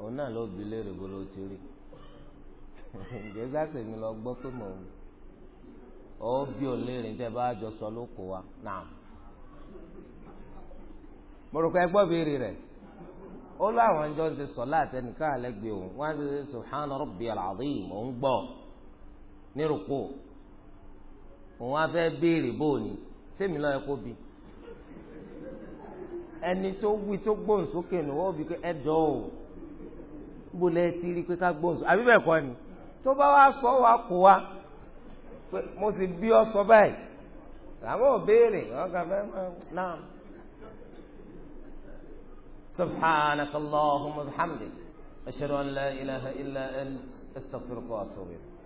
òun náà ló bi léèrè bó ló ti rí ǹjẹ́ sáṣẹ̀ mi lọ gbọ́ pé mò ń ó bí ò léèrè tẹ́ bá jọ sọ lóko wa náà mo rò pé ẹgbọ́ béèrè rẹ̀ ó láwọn jọ ń ṣe sọ láti ẹnìkan àlẹ́gbẹ̀ẹ́ òun wọ́n á ti ṣe subhana gbọ́ nírùkú òun á fẹ́ béèrè o bó rí pé mo sì bí ọ sọ báyìí làwọn ò béèrè wọn kà fẹ́ máa náà. سبحانك اللهم وبحمدك أشهد أن لا إله إلا أنت أستغفرك وأتوب إليك